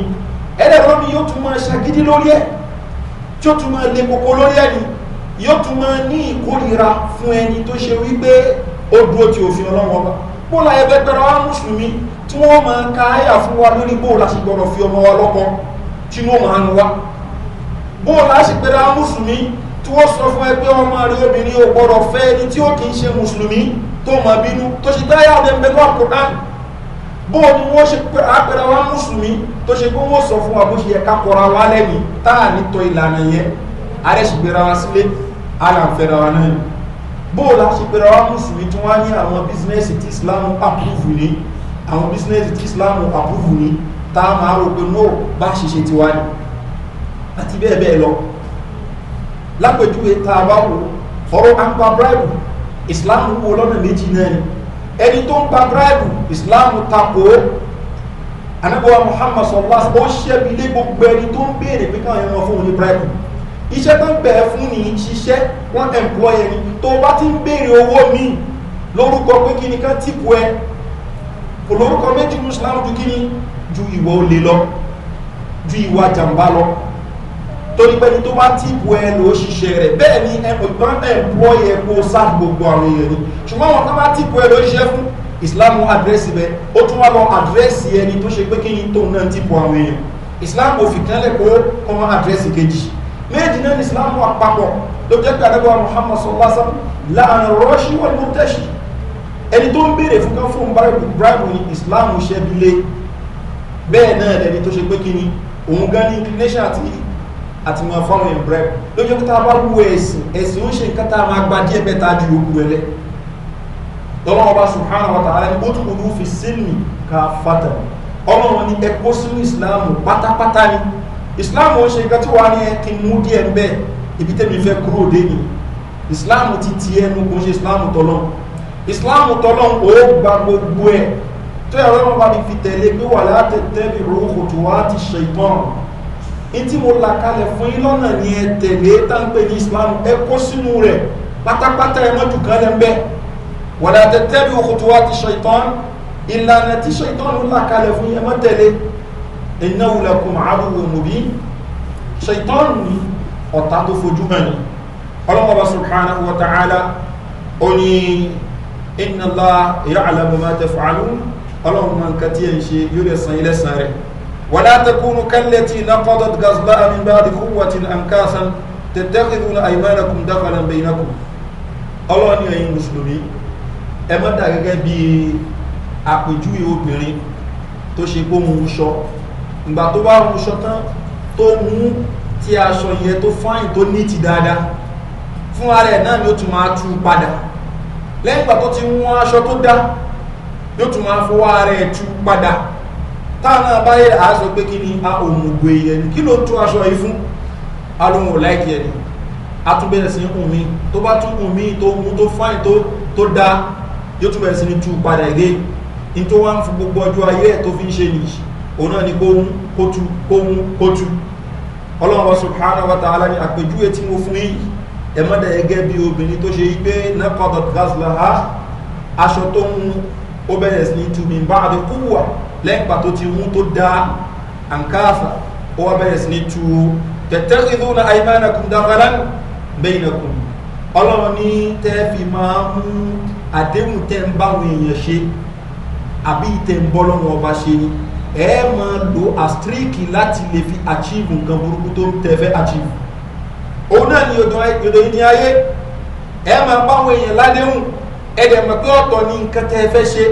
Speaker 1: ẹlẹ́rọ mi yóò tún máa ṣàgídí lórí ẹ̀ tí ó tún máa le koko lórí ẹ̀ ni yóò tún máa ní ìkórira fún ẹni tó ṣe wípé ó dúró ti òfin ọlọ́wọ́ bá bóòlà ẹgbẹ́ gbẹ́ra wá mùsùlùmí tí wọ́n máa ka àyà fún wa lórí bóòlà sì gbọ́dọ̀ fi ọmọ wa lọ́kọ tí wọ́n máa ń wá bóòlà sì gbẹ́ra wá mùsùlùmí tí wọ́n sọ fún ẹgbẹ́ ọmọ rẹ obìnrin ò gbọ́dọ̀ fẹ́ ẹni tí ó kì í ṣe mùsùlùmí tó mọ̀ bínú tó ṣe gbẹ́ra yàtọ̀ ń bẹ lọ́ àkókò bóò ni wọ́n ṣe àpẹẹrẹ wa mùsùlùmí tó ṣe pé wọ́n sọ fún wa bó ṣe yẹ ká kọra wa lẹ́yìn táà ní ìlànà yẹn àrẹ́ṣìgbéra wa sílé alàǹfẹ̀rẹ̀ wa náà bóòlù àṣepẹ̀rẹ̀ wa mùsùlùmí tí wọ́n á ní àwọn bísínẹ́sì tí islam approve ni àwọn bísínẹ́sì tí islam approve ni tá a máa rò pé no bá ṣiṣẹ́ tiwa ni àti bẹ́ẹ̀ bẹ́ẹ̀ lọ lápẹjúwe tá a bá wò ọ̀rọ̀ à ń gba bíráìbù islam wo lọ́nà méjì náà ni ẹni tó ń gba bíráìbù islam takò anábọ́wá muhammad sọ̀rọ̀ ó ṣẹ́bi lé gbogbo ẹni tó ń béèrè pé káwọn ẹni wọn fún ní bíráìbù iṣẹ́ tó ń bẹ̀ẹ́ fún ní ṣiṣẹ́ wọ́n employ ẹni tó bá ti ń béèrè owó míì lórúkọ pé kí ni ká tìpù ẹ kò lórúkọ méjì ní islam ju kí ni ju ìwà olè lọ ju ìwà jàǹbá lọ torí pẹ́ni tó bá tìpù ẹ lò ó ṣiṣẹ́ rẹ̀ bẹ́ẹ̀ ni ẹ̀gbọ́n employ ẹ kó sá gbogbo àwọn èèyàn ni ṣùgbọ́n wọn tó bá tìpù ẹ lò ó ṣiṣẹ́ fún islam àdírẹ́sì bẹ́ẹ̀ ó tún wá lọ àdírẹ́sì ẹni tó ṣe pé kí ni tóun náà tìpù àwọn èèyàn islam kò fìkánlẹ̀ kó kọ́ àdírẹ́sì kejì méjì náà ní islam wà papọ̀ ló jẹ́ pé àdébọ̀ muhammad sallallahu alaihi wa sallam láàrin rọ́ṣì wà ní tẹ̀sí ẹni tó ń béèrè fún kan fún bíráìbù ní islam ṣẹ́bi lé bẹ́ẹ̀ náà lẹni tó ṣe pé kí ni òun gan ní inclination àti àti mọ fọwọn ìbrẹ lójú kí tá a bá wú ẹsìn ẹsìn ó ń ṣe nǹkan tá a máa gba díẹ bẹta ju ogun ẹlẹ lọ́wọ́ ọba subhanahu wa ta'ala ni ó tún kúrú fi sílmi ká fata ọmọ wọn ni ẹ kó sínú ìsìláàmù pátápátá ni islam ò ṣe nǹkan tí wàá ní kí n mú díẹ̀ ń bẹ́ẹ̀ ibi tẹ́mi fẹ́ kúrò ni islam ti ti ẹnu kò ṣe islam tọ́lọ́ islam tọ́lọ́ ò gba gbogbo ẹ̀ tó yàrá wọn bá ní fi tẹ̀lé pé wà láti tẹ́bi rúkú tó wá ti ṣe ìtàn ní tí mo là kalẹ̀ fún yín lọ́nà ni ẹ tẹ̀lé táǹpẹ̀ ní islam ẹ kó sínú rẹ̀ pátápátá ẹ mọ́jú kan lẹ́ ń bẹ́ẹ̀ wà láti tẹ́bi rúkú tó wá ti ṣe ìtàn ìlànà tí ṣe ìtàn ló là kalẹ̀ fún yín ẹ mọ́ innahu lakum aduwwun mubin ṣètọ́nù ni ọ̀tá tó fojú hàn ní ọlọ́mọba subhanahu wa ta'ala ó ní inna Allah ya'lamu ma taf'alun ọlọ́mọba nǹkan tí ẹ̀ ń ṣe yóò lè san ilẹ̀ san rẹ̀ wala takunu kallati naqadat ghazlaha min ba'di quwwatin ankasan tattakhiduna aymanakum dakhalan bainakum ọlọ́ni ẹ̀yin mùsùlùmí ẹ má dà gẹ́gẹ́ bí àpèjúwe obìnrin tó ṣe gbóhun ṣọ ìgbà tó wá wúṣọ tán tó mú tí aṣọ yẹn tó fáyìn tó ní ti dáadáa fún ara ẹ̀ náà ni ó tún máa tú padà lẹ́yìn ìgbà tó ti mú aṣọ tó dá yóò tún máa fọwọ́ ara ẹ̀ tú padà táwọn náà bá yẹ àásọ pé kí ni a òmùgbò èèyàn ni kí ló tún aṣọ yìí fún alóhùn ò láìkí ẹni a tún bẹ̀rẹ̀ sí hùn mí tó bá tún hùn mí tó mú tó fáyìn tó dá yóò tún bẹ̀rẹ̀ sí ní tú padà ìdè ní tó wá ń fi gbogbo ọjọ́ ayé ẹ̀ tó fi ń ṣe nìyí ona ni kó mú kó tú kó mú kó tú wa ta'ala ni àpèjúwe tí mo fún yìí ẹ má dẹ̀ gẹ́gẹ́ bí obìnrin tó ṣe yí pé nẹ́kọ̀dọ̀ gásùlá ha aṣọ tó ń ó bẹ̀rẹ̀ sí ní tumi bá a lè kú wà lẹ́yìn pàtó ti mú tó da ànkáàfà ó wá bẹ̀rẹ̀ sí ní tu tẹ̀tẹ̀kìdó na àìmánà kùn dáfàlá bẹ́yìn na kùn ọlọ́run ní tẹ́ fi máa mú àdéhùn tẹ́ ń báwọn èèyàn ṣe àbí tẹ́ ń bọ́ lọ́wọ́ ọba ṣe ni ẹ máa lo astriki láti lè fi achieve nǹkan burúkú tó tẹ̀fẹ́ achieve òun náà ni odò ìdí ayé ẹ máa báwọn èèyàn ládéhùn ẹ dẹ̀ mọ̀ pé ọ̀tọ̀ ni nǹkan tẹ̀fẹ́ ṣe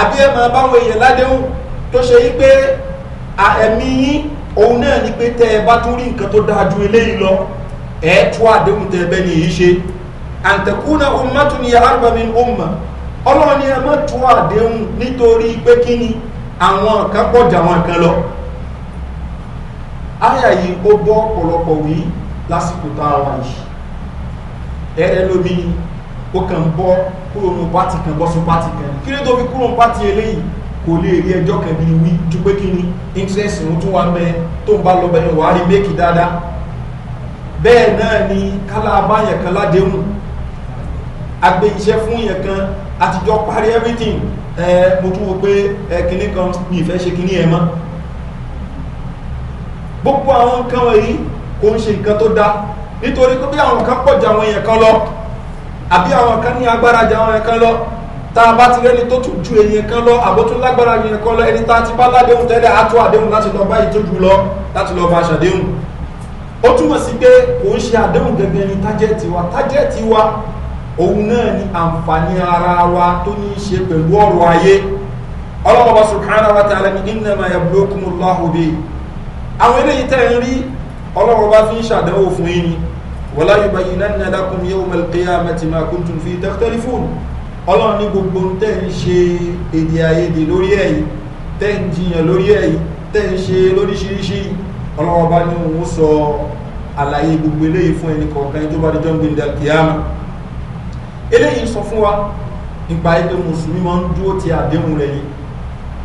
Speaker 1: àbí ẹ máa báwọn èèyàn ládéhùn tó ṣe yí pé ẹ̀mí yín òun náà ni pé tẹ́ ẹ bá tún rí nǹkan tó dáa ju eléyìí lọ ẹ tú àdéhùn tẹ́ ẹ bẹ́ẹ̀ èyí ṣe àǹtẹ̀kùnà ummatun ya arba min umma ọlọ́run ni ẹ má tú àdéhùn nítorí pé kí àwọn kan pọ̀ jà wọn kan lọ àyà yìí ó bọ́ ọ̀pọ̀lọpọ̀ wí lásìkò tá a wà yìí ẹ̀rẹ́ lómi ó kàn ń bọ́ kúrò nù pátì kan bọ́sùn pátì kan kí ló tó fi kúrò nù pátì eléyìí kò lè rí ẹjọ́ kan bí wí ju pé kí ni interest ń tún wá mẹ tó ń bá lọ bẹ́ẹ̀ wàá rí méèkì dáadáa bẹ́ẹ̀ náà ni kálá abáyẹ̀kan ládéhùn agbé iṣẹ́ fún yẹn kan àtijọ́ parí everything ẹ mo tún wo pé ẹ kìíní kan mi ìfẹ́ ṣe kìíní ẹ mọ́ gbogbo àwọn nǹkan wọ̀nyí kò ń ṣe nǹkan tó dáa nítorí pé bí àwọn kan pọ̀ ju àwọn èèyàn kan lọ àbí àwọn kan ní agbára ju àwọn èèyàn kan lọ tá a bá ti rẹ́ni tó tún ju èèyàn kan lọ àbó tún lágbára èèyàn kan lọ ẹni tá a ti bá ládéhùn tẹ́lẹ̀ á tó àdéhùn láti lọ bá ìtọ́jú lọ láti lọ bá aṣàdéhùn ó túmọ̀ sí pé kò ń ṣe àdéhùn gẹ́gẹ́ ní tájẹ́ẹ̀tì wa tájẹ́ẹ̀tì wa òun náà ni àǹfààní ara wa tó ní í ṣe pẹ̀lú ọ̀rọ̀ ayé ọlọ́mọba subhanahu wa ta'ala ni innama yablukumullahu bi àwọn eléyìí tẹ̀ ń rí ọlọ́mọba fi ń ṣàdánwò fún yín ni wala yubayyinanna lakum yawmal qiyamati ma kuntum fi takhtalifun ọlọ́run ní gbogbo tẹ́ ń ṣe èdè àìyedè lórí èyí tẹ́ ń jiyàn lórí èyí tẹ́ ń ṣe lóríṣiríṣi ọlọ́mọba ni òun sọ àlàyé gbogbo eléyìí fún ẹnì kọ̀ọ̀kan tó bá dé jọ́ ń gbé ní dàkíyàmù eléyìí sọ fún wa nípa yìí pé mùsùlùmí máa ń dúró ti àdéhùn rẹ̀ ni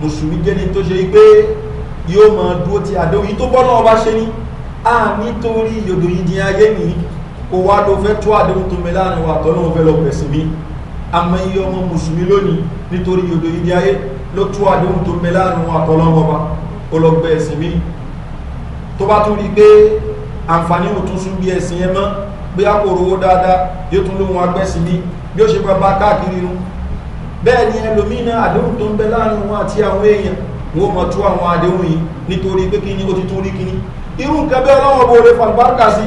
Speaker 1: mùsùlùmí jẹ́ni tó ṣe pé yóò máa dúró ti àdéhùn yìí tó bọ́ náà bá ṣe ni a nítorí yòdò yìí di ayé mi kò wá ló fẹ́ tó àdéhùn tó mi láàrin wa tọ́lọ́ fẹ́ lọ pẹ̀sìn mi àmọ́ iye ọmọ mùsùlùmí lónìí nítorí yòdò yìí di ayé ló tó àdéhùn tó mi láàrin wa tọ́lọ́ ọba ó lọ pẹ̀sìn mi tó bá tún rí i pé àǹfààní òtún sún bí ẹ̀sìn yẹn mọ́ bí a kò rówó dáadáa yóò tún lóhun agbẹ́sí ní bí ó ṣe bá bá káàkiri nu bẹ́ẹ̀ ni ẹlòmínà àdéhùn tó ń bẹ láàrin wọn àti àwọn èèyàn wọn mọ̀ tú àwọn àdéhùn yìí nítorí pé kí ni ó ti tún rí kíní irú nǹkan bẹ́ẹ̀ lọ́wọ́ bo lè fàlùbáríkà sí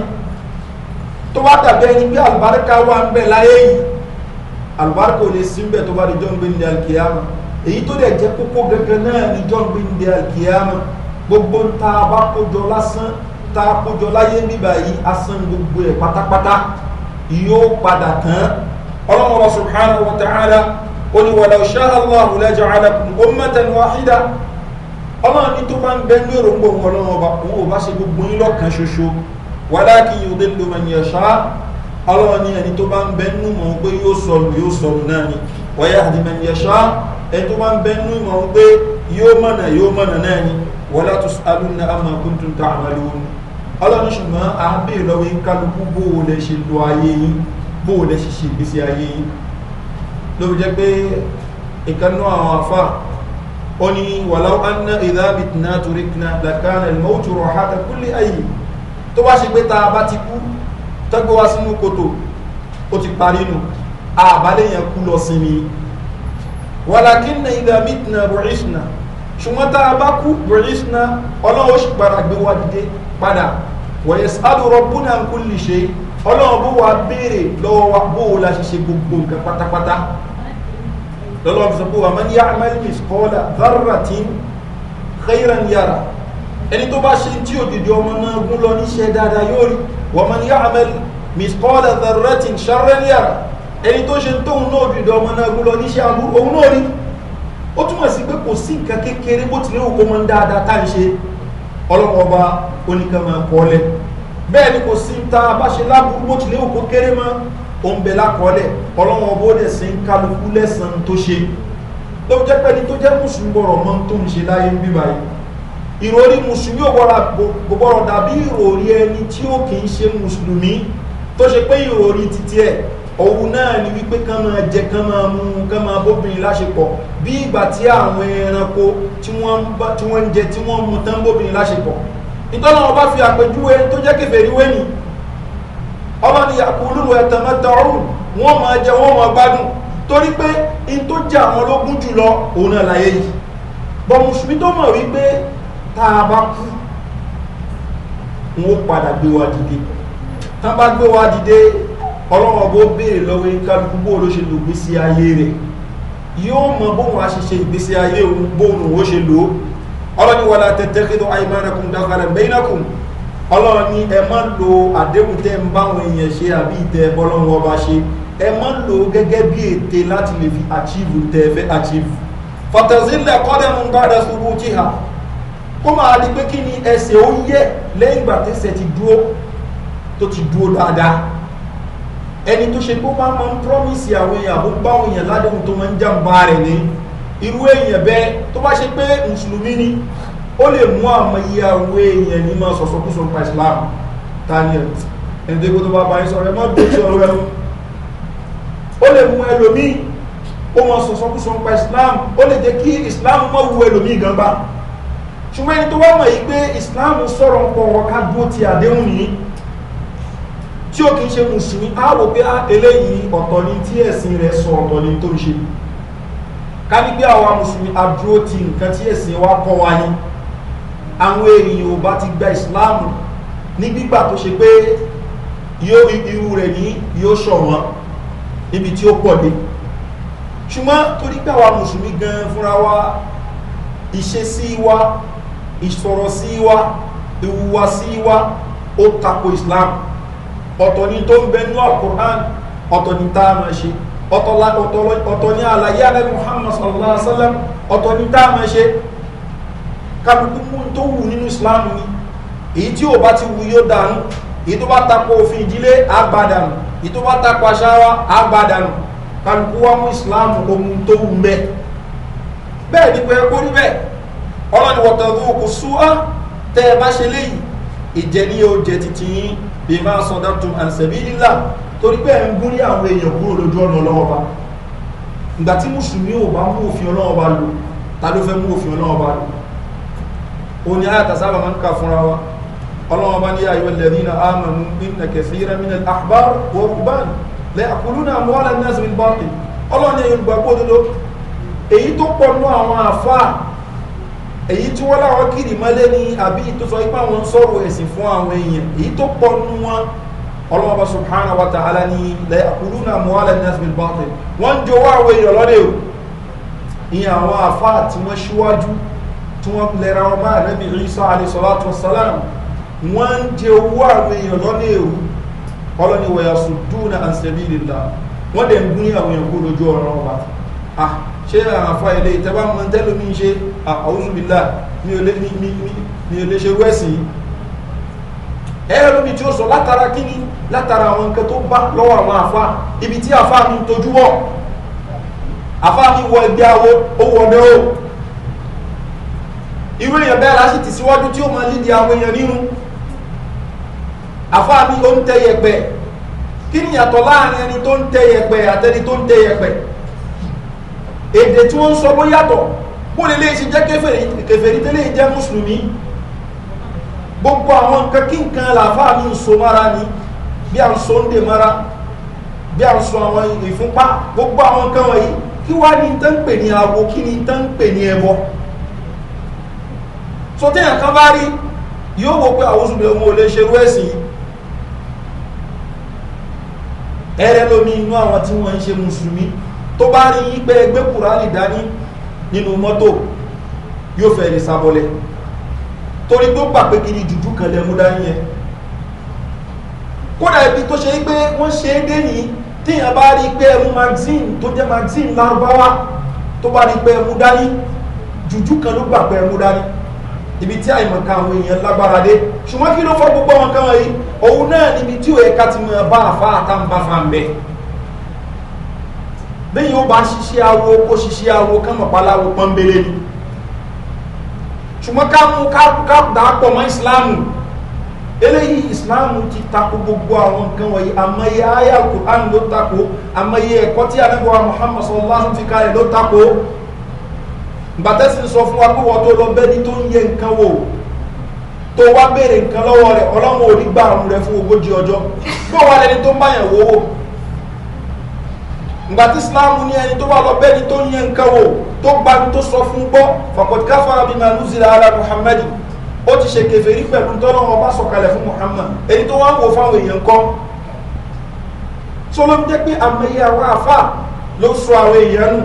Speaker 1: tó bá dàbí ẹni bí àlùbáríkà wà ń bẹ láyé yìí àlùbáríkà ò lè sí ń bẹ tó bá di jọ́ǹgbé ní alkiyama èyí tó dẹ̀ jẹ́ kókó gẹ́gẹ́ náà ní jọ́ǹgbé ní alkiyama gbogbo ń ta abákójọ lásán tá a kójọ láyé níbà yìí asán gbogbo ẹ̀ pátápátá yóò padà tán ọlọ́mọba subhanahu wa ta'ala ó ní wàlá ṣá aláhùn lẹ́jọ́ alákùn ó mẹ́tẹ̀nu àhídá ọlọ́run ní tó bá ń bẹ ní èròǹgbò wọn ọlọ́mọba òun ò bá ṣe gbogbo yín lọ́kàn ṣoṣo wàlá kí yóò dé lómọ yẹn ṣá ọlọ́run ní ẹni tó bá ń bẹ nínú mọ̀ pé yóò sọnù yóò sọnù náà ni wọ́yá àdìmọ̀ yẹn ṣá ẹni tó bá ń bẹ nínú mọ̀ pé yóò mọ̀nà yóò mọ̀nà náà ni wọ́lá tó sàlùmọ́ àmọ́ kúntùntà àmàlùmọ́ ọlọ́run ṣùgbọ́n à ń bèèrè lọ́wọ́ yín kálukú bó o lẹ ṣe lo ayé yín bó o lẹ ṣe ṣe ìgbésí ayé yín ló fi jẹ́ pé ìkanú àwọn afá ó ní wàláwọ́ anna ìdábìtìná torikna lakana ìmọ̀ọ́tù rọ̀hátà kúlé ayé tó bá ṣe pé tá bá ti kú tọ́gbọ́ wá sínú kòtò ó ti parí nù àbálẹ̀ yẹn kú lọ sí ni wàlákínà ìdábìtìná bọ̀rísìnà ṣùgbọ́n tá bá kú bọ̀rísìnà ọlọ́run ó padà wa yas'alu rabbuna an kulli shay ọlọ́run bó wa béèrè lọ́wọ́ wa bó o la ṣe ṣe gbogbo nǹkan pátápátá lọ́lọ́run fi sọ pé wa man ya'mal misqala dharratin khayran yara ẹni tó bá ṣe tí òdìdí ọmọ náà gún lọ níṣẹ́ dáadáa yóò rí wa man ya'mal misqala dharratin sharran yara ẹni tó ṣe tóun náà òdìdí ọmọ náà gún lọ níṣẹ́ àbúrò òun náà rí ó túmọ̀ sí pé kò sí nǹkan kékeré bó tilẹ̀ òkú mọ́ dáadáa tá à ń ṣe ọlọ́mọba oníkan máa kọ́lẹ̀ bẹ́ẹ̀ ni kò sí ń ta abáṣe láburú bó tilẹ̀ òkú kéré mọ́ òun bẹ̀ lákọ́lẹ̀ ọlọ́mọba ó dẹ̀ sí ń kálukú lẹ́sàn-án tó ṣe tó jẹ́ pẹ́ni tó jẹ́ mùsùlùmí gbọ́rọ̀ mọ́ tó ń ṣe láyé ń bíbá yìí ìròrí mùsùlùmí ò gbọ́rọ̀ dàbí ìròrí ẹni tí ó kì í ṣe mùsùlùmí tó ṣe pé ìròrí titi ẹ̀ òun náà ni wípé kán máa jẹ kán máa mú kán máa bóbìnrin láṣepọ̀ bí ìgbà tí àwọn ẹranko tí wọ́n ń jẹ tí wọ́n mú tán bóbìnrin láṣepọ̀ ìtọ́nà ọba fi àpèjúwe tó jẹ́ kẹfẹ́ ríwé nì ọba ni àkúlù ẹ̀tàn mẹ́ta ọ̀rùn wọ́n máa jẹ wọ́n máa gbádùn torí pé in tó jẹ àwọn ológun jùlọ òun náà láyé yìí bọ́ mùsùlùmí tó mọ̀ wípé tá a bá kú wọn ó padà gbé wa dìde tá a bá gbé wa dìde ọlọ́wọ́n bó bèèrè lọ́wọ́ kálukú bó ló ṣe lò gbèsè ayé rẹ̀ mọ a ṣe ṣe ayé òun bóun ó ṣe lò ọlọ́ni ẹ má lo àdéhùn tẹ́ ń báwọn èèyàn ṣe àbí ìtẹ́ ọba ṣe ẹ má lo gẹ́gẹ́ bí ète láti lè fi achieve tẹ́ fẹ́ ṣubú kó máa di pé ni ẹsẹ̀ ó yẹ lẹ́yìn ẹni tó ṣe pé máa máa promise àwọn èèyàn àbó bá àwọn èèyàn ládéhùn tó máa ń jàǹbá rẹ̀ ní irú èèyàn bẹ́ẹ̀ tó bá ṣe pé mùsùlùmí ni ó lè mú àmọ́ iye àwọn èèyàn ní máa sọ̀sọ̀kúsọ pa islam daniel ẹni tó bá bá yín sọ̀rọ̀ ẹ má dójú e ọ̀rọ̀ ẹ̀ ó lè mú ẹlòmíì ó máa sọ̀sọ̀kúsọ pa islam ó lè jẹ́ kí islam má wu ẹlòmíì gan bá ṣùgbọ́n ẹni tó wá mọ̀ yìí pé islam sọ̀rọ̀ ń pọ̀ wọ́n ká dúró ti àdéhùn nìyí tí ó kìí ṣe mùsùlùmí á wò pé ah, eléyìí ọ̀tọ̀ ni tí ẹ̀sìn rẹ̀ sọ ọ̀tọ̀ ni tó ń ṣe ká ní pé àwa mùsùlùmí adúró ti nǹkan tí ẹ̀sìn wa kọ́ wa ni àwọn èèyàn ò bá ti gba ìsìláàmù ní gbígbà tó ṣe pé yóò irú rẹ̀ ní yóò ṣọ̀wọ́n níbi tí ó pọ̀ dé ṣùgbọ́n torí pé àwa mùsùlùmí gan fúnra wa ìṣesí wa ìsọ̀rọ̀ sí wa ìwùwà sí wa ó tako ìsìláàmù ọ̀tọ̀ ni tó ń bẹnú àkùrán ọ̀tọ̀ ni tá a máa ṣe ọ̀tọ̀ ni àlàyé alẹ́ muhammad sallallahu alaihi wa sallam ọ̀tọ̀ ni tá a máa ṣe kálukú mú tó wù nínú islam ni èyí tí ò bá ti wù yóò dànù èyí tó bá tako òfin ìdílé àgbàdànù èyí tó bá tako àṣà wa àgbàdànù wa mú islam ohun tó wù mbẹ bẹ́ẹ̀ ni pé kó rí bẹ́ẹ̀ ọlọ́ni ló kò sú á tẹ́ ẹ bá ṣe léyìí ìjẹ ní oúnjẹ titi yín bí máa sọ dátùm ànsẹ̀bí ńlá torí pé ẹ̀ ń gúnrí àwọn èèyàn kúrò lójú ọ̀nà ọlọ́wọ́ bá ìgbà tí mùsùlùmí ò bá mú òfin ọlọ́wọ́ bá lò ta ló fẹ́ mú òfin ọlọ́wọ́ bá lò ó ní àyàtà sábà máa ń kà fúnra wa ọlọ́wọ́ ní ayọ̀ lẹ́rìnà àmàmú nínà kẹfìrẹ́ mínà àbár wọ́pùbán lẹ́ àkùlùnà àmúwálẹ̀ nẹ́sìn bọ́ọ̀tì ọlọ́ni èyí gbàgbọ́ òdodo èyí tó pọ̀ nú àwọn àfáà èyí tí wọ́n láwọn kiri mọ́lé ni àbí tó sọ ipá wọn sọ̀rọ̀ ẹ̀sìn fún àwọn èèyàn èyí tó pọ̀ nù wọn ọlọ́mọba subhanahu wa ta'ala ni la ya'kuluna amwala an-nas bil batil wọ́n ń jowó àwọn èèyàn lọ́dẹ̀ o ìyẹn àwọn afá tí wọ́n ṣíwájú tí wọ́n lẹ́ra wọn máa Nabi Isa alayhi salatu wọ́n jẹ owó àwọn èèyàn lọ́dẹ̀ o ọlọ́ni wa yasudduna an sabilillah wọ́n dẹ̀ ń gún àwọn èèyàn kó lójú ọ̀rọ̀ wa ah, ṣé àwọn afá ilé ìtẹ́bá mọ́ ṣe àwùsùbìlà ní olóṣè wẹ́sì ẹ̀rọ mi tí ó sọ látara kí ni látara àwọn nǹkan tó bá lọ́wọ́ àwọn àfa ibi tí àfa mi tojú wọ̀ àfa mi wọ ẹgbẹ́ awo ó wọ ọdẹ o irú èèyàn bẹ́ẹ̀ la sì tì síwájú tí ó máa lídìí àwọn èèyàn nínú àfa mi ó ń tẹ yẹpẹ̀ kí ni yàtọ̀ láàrin ẹni tó ń tẹ yẹpẹ̀ àtẹni tó ń tẹ yẹpẹ̀ èdè tí wọ́n ń sọ bó yàtọ̀ bó lè léyìí ṣe jẹ́ kèfèrí tẹ́lẹ̀ jẹ́ mùsùlùmí gbogbo àwọn nǹkan kí nǹkan làáfàá mi ń so mara ni bí à ń so ń dè mara bí à ń so àwọn ìfúnpá gbogbo àwọn nǹkan wọ̀nyí kí wá ní tán ń pè ní awo kí ní tán ń pè ní ẹbọ so téèyàn kan bá rí yóò wo pé àwọn oṣù lèwọn ò lè ṣerú ẹ̀sìn yìí ẹ̀rẹ́ lómi inú àwọn tí wọ́n ń ṣe mùsùlùmí tó bá rí yí pé ẹgbẹ́ kùránì dání nínú mọ́tò yóò fẹ́ lè sábọ́lẹ̀ torí tó gbà pé kiri jùjú kan lẹ́mú dání yẹn kódà ibi tó ṣe pé wọ́n ṣe é dé yìí tíyàn bá rí pé ẹmu magazine tó jẹ́ magazine lárúbáwá tó bá rí pé ẹmu dání jùjú kan ló gbà pé ẹmu dání ibi tí àìmọ̀ká àwọn èèyàn lágbára dé ṣùgbọ́n kí ló fọ́ gbogbo àwọn kan yìí òun náà níbi tí ò yẹ ká ti mọ̀ bá àfa àtàǹbá fa ń bẹ́ẹ̀ bẹ́yìn ó bá ṣiṣẹ́ awo kó ṣiṣẹ́ awo kánmọ̀páláwo pọ́nbélé ni ṣùgbọ́n ká mú ká dàápọ̀ mọ́ ìsìláàmù eléyìí ìsìláàmù ti tako gbogbo àwọn nǹkan wọ̀nyí àmọye aya quran ló tako ẹ̀kọ́ tí muhammad sallallahu wa sallam kalẹ̀ ló sọ fún wa pé wọ́n tó lọ bẹ́ni tó ń yẹ nǹkan wò tó wá béèrè nǹkan lọ́wọ́ rẹ̀ ọlọ́run ò ní gbà rẹ̀ fún ogójì ọjọ́ gbọ́ wa lẹni tó ń ngbàtí islam ní ẹni tó wà lọ bẹ́ẹ̀ ni tó yẹ nǹkan wò tó gbani tó sọ fún gbọ́ faqad kafara bima nuzila ala muhammad ó ti ṣe kèfèrí pẹ̀lú tọ́lọ́wọ́n bá sọ̀kalẹ̀ fún muhammad èyí tó wá ń wò fáwọn èèyàn kọ́ sọlọ́m jẹ́ pé àmọye àwọn àfà ló sọ àwọn èèyàn nù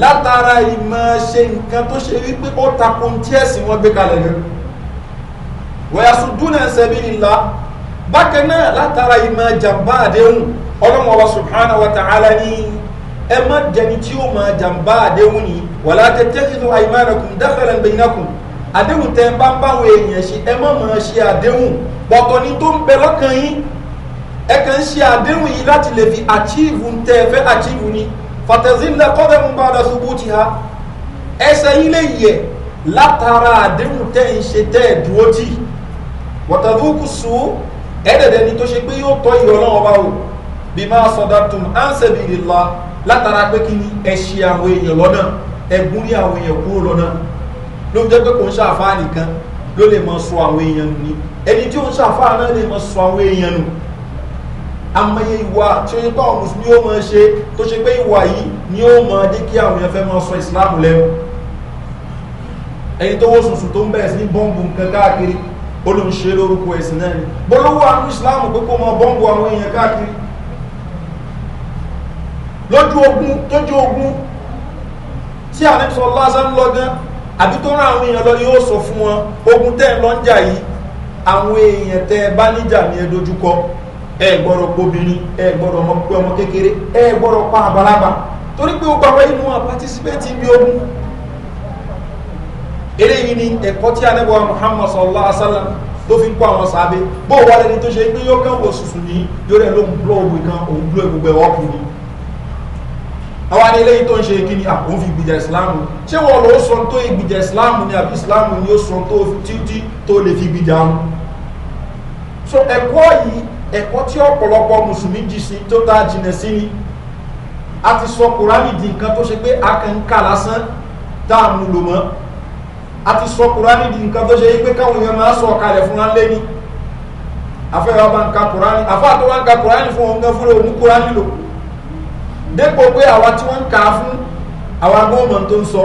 Speaker 1: látara ìmọ̀ ṣe nǹkan tó ṣe wípé ó takun tí ẹ̀sìn wọn gbé kalẹ̀ gan wa yasudduna sabilillah bákan náà látara ìmọ̀ jàmbá àdéhùn ọlọ́mọba subhanahu wa ta'ala ni ẹ má dẹni tí ó máa jàǹbá àdéhùn ni wàlá tẹtẹ́kìtò àìmánakùn dákàlẹ̀ bẹ̀yìnàkùn àdéhùn tẹ́ ń bá ń báwọn èèyàn ṣe ẹ má máa ṣe àdéhùn bọ̀tọ̀ ni tó ń bẹ lọ́kàn yín ẹ kàn ń ṣe àdéhùn yìí láti lè fi àchíìvù ń tẹ́ ẹ fẹ́ àchíìvù ni fàtẹ́sílẹ̀ kọ́dẹ̀mú padà ti ha ẹsẹ̀ yín lè yẹ látara àdéhùn tẹ́ ń ṣe tẹ́ ẹ̀ dúró tì wọ̀tàdúkù sùn ni tó ṣe pé yóò tọ́ ìyọ̀ náà wá o bí máa sọ̀dà tún ánsẹ̀bìlì látara pé kí ni ẹ ṣe àwọn èèyàn lọ́nà ẹ gúnrí àwọn èèyàn kúrò lọ́nà ló ń jẹ́ pé kò ń ṣàfáà nìkan ló lè mọ sọ àwọn èèyàn nù ni ẹni tí ó ń ṣàfáà náà lè mọ sọ àwọn èèyàn nù amọye ìwà tí ó yẹ mùsùlùmí ó máa ṣe tó ṣe pé ìwà yìí ni ó máa dé kí àwọn èèyàn fẹ́ máa sọ ìsìláàmù lẹ́nu ẹni tó wó sùsù tó ń bẹ̀rẹ̀ sí ní nǹkan káàkiri ó ló ń ṣe lórúkọ ẹ̀sìn náà ni bọ́lọ́wọ́ àwọn ìsìláàmù pé kó máa bọ́ǹbù àwọn èèyàn káàkiri lójú ogun tójú ogun tí àníṣọ lásán lọ gan àbí tó rán àwọn èèyàn lọ ni yóò sọ fún wọn ogun tẹ́ ẹ lọ ń jà yìí àwọn èèyàn tẹ́ ẹ bá níjà ní ẹ dojúkọ ẹ gbọ́dọ̀ pobìnrin ẹ gbọ́dọ̀ ọmọ pé ọmọ kékeré ẹ gbọ́dọ̀ pa àbálàbà torí pé ó gbàgbọ́ inú wọn participate ibi ogun eléyìí ni ẹ̀kọ́ tí anábọ̀ muhammad sallallahu alaihi sallam tó fi ń kó àwọn sábẹ́ bó wà lẹ́ni tó ṣe pé yóò kàn wò sùsù ní yóò rẹ̀ ló ń blọ́ ògùn kan òun blọ́ gbogbo ẹ̀ wọ́pù ni àwọn adé lẹ́yìn tó ń ṣe kí ni àwọn fi gbìjà ìsìláàmù ṣé wọ́n lọ sọ tó ìgbìjà ìsìláàmù ni àbí ìsìláàmù ni ó sọ tó títí tó lè fi gbìjà wọn so ẹ̀kọ́ yìí ẹ̀kọ́ tí ọ̀pọ̀lọpọ̀ mùsùlùmí jì sí tó tá a jìnà sí ni a ti sọ kùránì di nǹkan tó ṣe pé a kàn ń kà lásán tá a mú lò mọ́ a ti sọ kùránì di nǹkan tó ṣe pé káwọn èèyàn máa sọ kalẹ̀ fún wa lẹ́ni afẹ́ wa bá ń ka kùránì àfáà dépò pé àwa tí wọ́n ń kà á fún àwa gómọ̀ tó ń sọ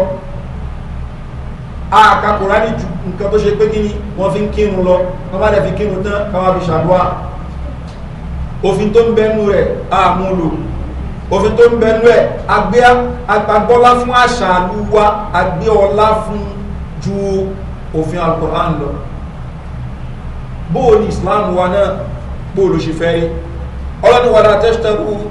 Speaker 1: àka kùránì ju nǹkan tó ṣe pé kí ni wọ́n fi ń kírun lọ wọ́n bá dẹ̀ fi kírun tán káwá fi ṣàdúrà òfin tó ń bẹnu rẹ̀ àmúlò òfin tó ń bẹnu ẹ̀ agbé agbọ́lá fún àṣà àlúwa agbé ọlá fún ju òfin alukoran lọ bóò islam wa náà bóò ṣe fẹ́ rí ọlọ́ni wàdà tẹ́sítẹ́rù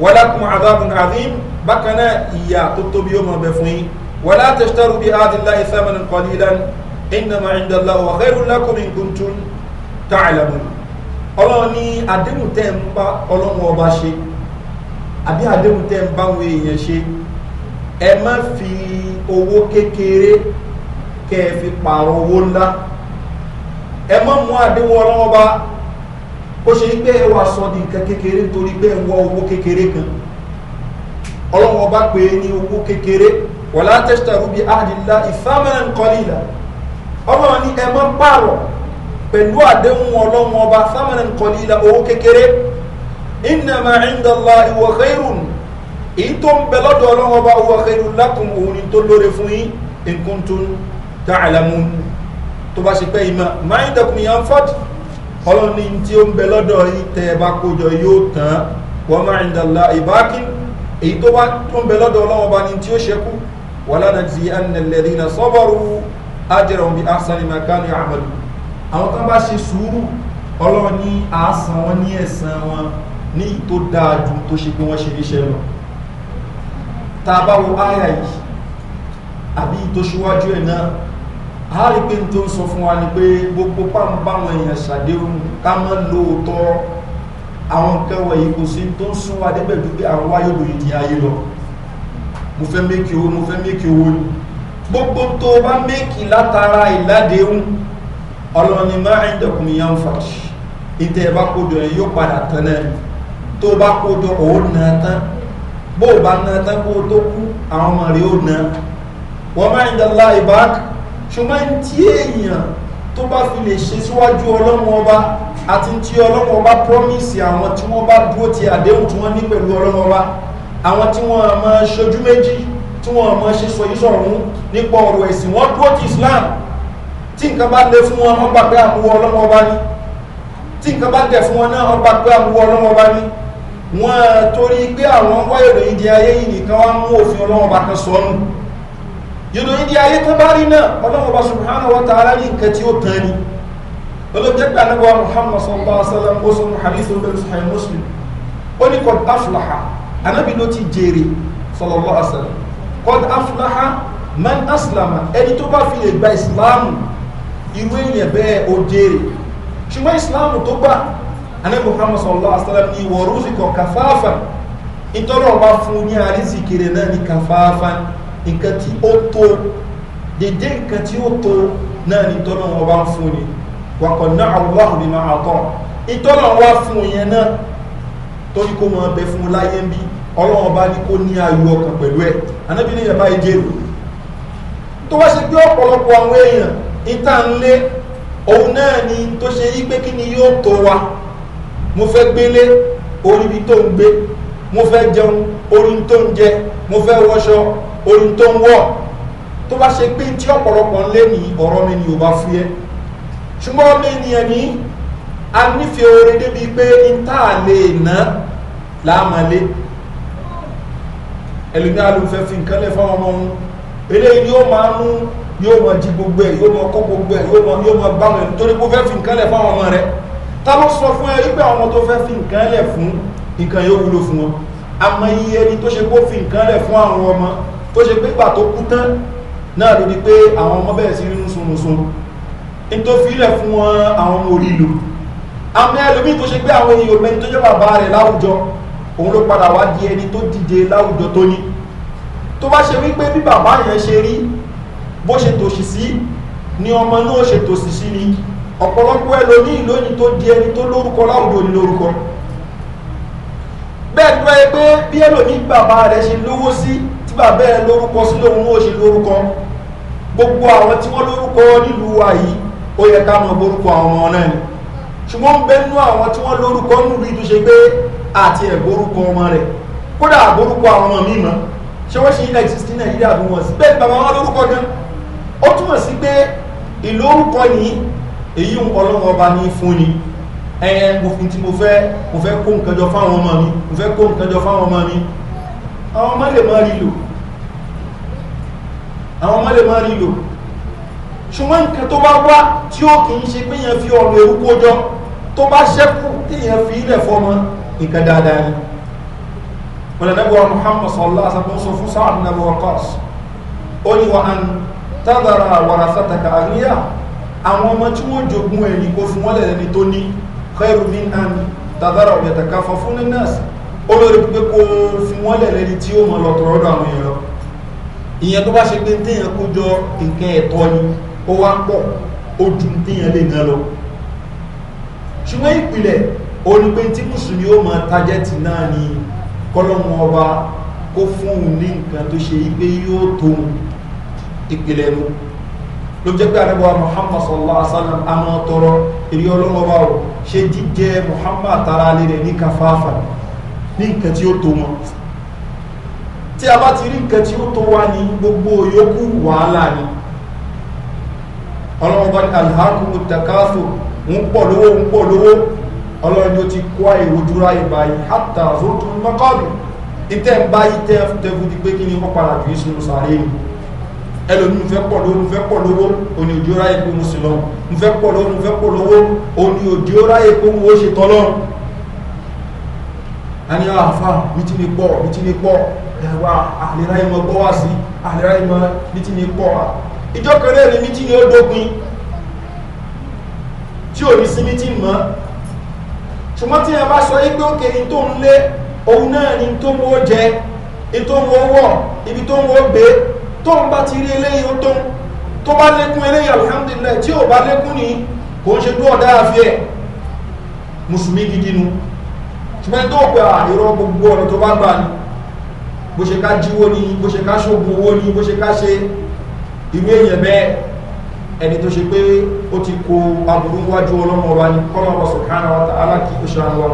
Speaker 1: walakum adabun azim bákan náà ìyà tó tóbi yóò máa bẹ fún yín wala tashtaru bi adillahi thamanan qalilan innama indallahi wa khairun lakum in kuntum ta'lamun ọlọ́run ní àdéhùn tẹ́ ń bá ọlọ́run ọba ṣe àbí àdéhùn tẹ́ ń bá àwọn èèyàn ṣe ẹ fi owó kékeré kẹ́ fi pààrọ̀ owó ńlá ẹ má mú àdéhùn ọlọ́run ọba ó ṣe pé ẹ wá sọ di nǹkan kékeré nítorí pé ẹ wọ owó kékeré kan ọlọ́wọ́ bá pè é ní owó kékeré wàlá tẹ́sítàrú bíi àdìlá ìfámẹ́rin kọ́lìlà ọlọ́run ní ẹ má pààrọ̀ pẹ̀lú àdéhùn ọlọ́run ọba fámẹ́rin kọ́lìlà owó kékeré ìnàmà ìndàlá ìwọ̀ kẹ́rùn èyí tó ń bẹ lọ́dọ̀ ọlọ́run ọba ìwọ̀ kẹ́rùn lákùn òun ni tó lóore fún yín nǹkan tó ń ta àlàmú tó bá ṣe pẹ́ ìmọ̀ máa ń dẹkùn ìyá ń ọlọ́run ní tí ó ń bẹ lọ́dọ̀ yín tẹ́ ẹ bá kójọ yóò tán wọ́n máa ń dàlá ìbákí èyí tó bá tó ń bẹ lọ́dọ̀ ọlọ́run ọba ní tí ó ṣekú wà lánàá ti ẹnìlẹ́dí náà sọ́bọ̀rù ájẹrọ̀mí asani makani ahmed àwọn kan bá ṣe sùúrù ọlọ́run àásán wọn ní ẹ̀sán wọn ní tó dáa tó ṣe pé wọ́n ṣe níṣẹ́ lọ tá a bá wo áyà yìí àbí ìtòṣíwájú ẹ̀ náà a rí pé n tó ń sọ fún wa ni pé gbogbo pàǹbáwọn èèyàn ṣàdéhùn ká mọ́ lóòótọ́ àwọn nǹkan wọ̀nyí kò sí tó ń sún wa débẹ̀ dúpẹ́ àwọn wáyọ̀dọ̀ ìdí ayé lọ mo fẹ́ méèkì owó mo fẹ́ méèkì owó ni gbogbo tó o bá méèkì látara ìládéhùn ọlọ́ni máa ń dẹ̀kun ìyá ń fà ìtẹ̀ ẹ̀ bá kodò ẹ̀ yóò padà tán náà tó o bá kodò òun náà tán bó o bá náà tán kó o tó kú àwọn ọmọ rẹ̀ ó náà wọ́n máa ń dẹ̀ láì báàkì ṣùgbọ́n tí èèyàn tó bá fi lè ṣe síwájú ọlọ́run ọba àti tí ọlọ́run ọba promise àwọn tí wọ́n bá dúró ti àdéhùn tí wọ́n ní pẹ̀lú ọlọ́run ọba àwọn tí wọ́n máa ṣojú méjì tí wọ́n máa ṣe sọ ìṣọ̀run nípa ọ̀rọ̀ ẹ̀sìn wọ́n dúró ti islam tí nǹkan bá lé fún wọn ọgbà pé àmúwọ ọlọ́run ọba ni tí nǹkan bá dẹ̀ fún wọn náà ọgbà pé àmúwọ ọlọ́run ọba ni wọ́n torí pé àwọn wáyé ìròyìn di ayé yìí nìkan wá mú òfin ọlọ́run ọba kan sọ ọ́nù yìnyín ìdí ayé tó bá rí náà ọlọ́run bá subhanahu wa ta'ala ní nǹkan tí ó tán ni olóòjẹ́ pé anábọ́wá muhammad sallallahu alaihi wa sallam ó sọ muhammed sọ bẹ́ẹ̀ sahih muslim ó ní qad aflaha anábì ló ti jèrè sallallahu alaihi wa sallam qad aflaha man aslama ẹni tó bá fi lè gba ìsìláàmù irú èèyàn bẹ́ẹ̀ ó jèrè ṣùgbọ́n ìsìláàmù tó gbà anábì muhammad sallallahu alaihi wa sallam ní ìwọ̀ rúzikọ̀ kàfáfà ìtọ́lọ́ nǹkan tí ó tó dédé nǹkan tí ó tó náà ni tọ́lọ́ wọn bá ń fún ni wakọ̀ náà aláhùn bí máa tọ̀ ìtọ́lọ́ wa fún yẹn náà tó ní kó máa bẹ fún láyé ń bí ọlọ́wọ́n bá ní kó ní ayò ọkàn pẹ̀lú ẹ̀ anábì ní yàrá ìjẹ́rù tó wá ṣe pé ọ̀pọ̀lọpọ̀ àwọn èèyàn ìta ń lé òun náà ni tó ṣe yí pé kí ni yóò tó wa mo fẹ́ gbélé orí ibi tó ń gbé mo fẹ́ jẹun orí tó ń jẹ mo fẹ́ wọṣọ ohun tó ń wọ̀ tó bá ṣe pé tí ọ̀pọ̀lọpọ̀ ń lé ní ọ̀rọ̀ mi ni ò bá fúyẹ́ ṣùgbọ́n mi ni ẹni a nífẹ̀ẹ́ orin débi pé n tá a lè ná láàmọ́lé ẹlòmíà ló fẹ́ fi nǹkan lẹ̀ fáwọn ọmọ wọn eléyìí yóò máa mú yóò máa jí gbogbo ẹ̀ yóò máa kọ́ gbogbo ẹ̀ yóò máa gbá wọn torí pé ó fẹ́ fi nǹkan lẹ̀ fáwọn ọmọ rẹ̀ ta ló sọ fún ẹ wípé àwọn tó fẹ́ fi nǹkan lẹ̀ fún nǹkan yóò wúlò fún wọn àmọ́ iye ẹni tó ṣe kó fi nǹkan lẹ̀ fún àwọn ọmọ tó ṣe pé gbà tó kú tán náà ló di pé àwọn ọmọ bẹ̀rẹ̀ sí rínú sunrunsun ní tó fi ilẹ̀ fún wọn àwọn ọmọ orí ìlú àmì ẹlòmíì tó ṣe pé àwọn èèyàn mẹ́ni tó jẹ́ bàbá rẹ̀ láwùjọ òun ló padà wá di ẹni tó dìde láwùjọ tó ní tó bá ṣe wípé bí bàbá yẹn ṣe rí bó ṣe tòṣì sí ni ọmọ náà ṣe tòṣì sí ni ọ̀pọ̀lọpọ̀ ẹlòmíì lónìí tó di ẹni tó lórúkọ láwùjọ ní lórúkọ bẹ́ẹ̀ tó yẹ pé bí ẹlòmíì bàbá rẹ̀ ṣe lówó sí tí bàbá ẹ lórúkọ sí lòun ó ṣe lórúkọ gbogbo àwọn tí wọ́n lórúkọ wa yìí ó yẹ ká mọ àwọn ọmọ náà ni ṣùgbọ́n bẹ́nu àwọn tí wọ́n lórúkọ nílùú yìí tó ṣe pé àti ẹ̀ ọmọ rẹ̀ kódà àwọn ọmọ mi mọ́ ṣé wọ́n ṣe ilẹ̀ nàìjíríà bí wọ́n sí bẹ́ẹ̀ bàbá wọn lórúkọ gan ó túmọ̀ sí pé ìlú yìí èyí ń ọlọ́wọ́ ní àwọn ọmọ lè máa rí lò àwọn ọmọ lè máa rí lò ṣùgbọ́n nǹkan tó bá wá tí ó kì í ṣe pé yẹn fi ọ̀rọ̀ ewu kójọ tó bá ṣẹ́kù tí yẹn fi ilẹ̀ fọmọ nǹkan dáadáa ni ọ̀lẹ́dẹ́gbọ́ muhammad sallallahu alaihi wasallam sọ fún sáà nínú wọ́kọ́s ó ní wọn tábàrà wàrà sátàkà àríyá àwọn ọmọ tí wọ́n jogún ẹni kó fún wọn lẹ́ni tó ní kẹrù ní àmì tàbára ọ̀yẹ̀tàkà fọ́fún ní nọ́ọ̀sì ó lórí pé kó fi wọ́n lẹ̀ lẹ́ni tí ó mọ lọ tọrọ dọ̀ àwọn èèyàn lọ ìyẹn tó bá ṣe pé téèyàn kó jọ nǹkan ẹ̀tọ́ ni ó wá ń pọ̀ ó ju téèyàn lè ná lọ ṣùgbọ́n ìpìlẹ̀ ó tí mùsùlùmí ó mọ tájẹ́tì náà ni kọ́lọ́mù ọba kó fún un ní nǹkan tó ṣe pé yóò tóun ìpìlẹ̀ nu ló jẹ́ pé àdébọ̀wá muhammad sallallahu alaihi wa sallam àmọ́ tọrọ èrè ọlọ́mọba ò ṣe jíjẹ muhammad tara lè rẹ̀ ní kàfáfà ní nǹkan tí ó tó wọn tí a bá ti rí nǹkan tí ó tó wá ní gbogbo yòókù wàhálà ni ọlọ́run bá ní alhakumu takaso ń pọ̀ lówó ń pọ̀ lówó ọlọ́run ló ti kó àìwòdúrà ìbáyìí hátà àzótú mọ́kànlù ìtẹ́ ń bá ìtẹ́ tẹ́fù di pé kí ni wọ́n padà kìí sínú sàárè ni ẹlòmí ń fẹ́ pọ̀ lówó ń fẹ́ pọ̀ lówó òní òjò ráyè pé mo sì lọ ń fẹ́ pọ̀ lówó fẹ́ pọ̀ lówó òní òjò ráyè pé mo ó ṣe tọ́lọ́run a ní ah, àfà mítí ní pọ̀ mítí ní pọ̀ ẹ̀wà àlera ìmọ̀ gbọ́ wá sí àlera ìmọ̀ mítí ní pọ̀ ni ìjọ kan lẹ́rìí mítí ní ó dópin tí ò ní sí mítí mọ́ ṣùgbọ́n tí ẹ bá sọ yí pé òkè ní tó ń lé òun náà ni tó ń wó jẹ ibi tó ń wó wọ̀ ibi tó ń wó gbé tó ń bá ti rí eléyìí ó tó ń tó bá lékún eléyìí alhamdulilayi tí ò bá lékún ni kò ń ṣe dúọ̀dá àfihàn mùsùlùmí gidi nu ṣùgbọ́n tó pẹ́ àìrọ́ gbogbo ọ̀nà tó bá gbà ní bó ṣe ká jíwó ní bó ṣe ká ṣógun owó ní bó ṣe ká ṣe ìwé èèyàn bẹ́ẹ̀ ẹni tó ṣe pé ó ti kó aburú wájú ọlọ́mọ wa ní kọ́lọ́mọ sọ̀kánà wa ta aláàkí ó ṣàánú wa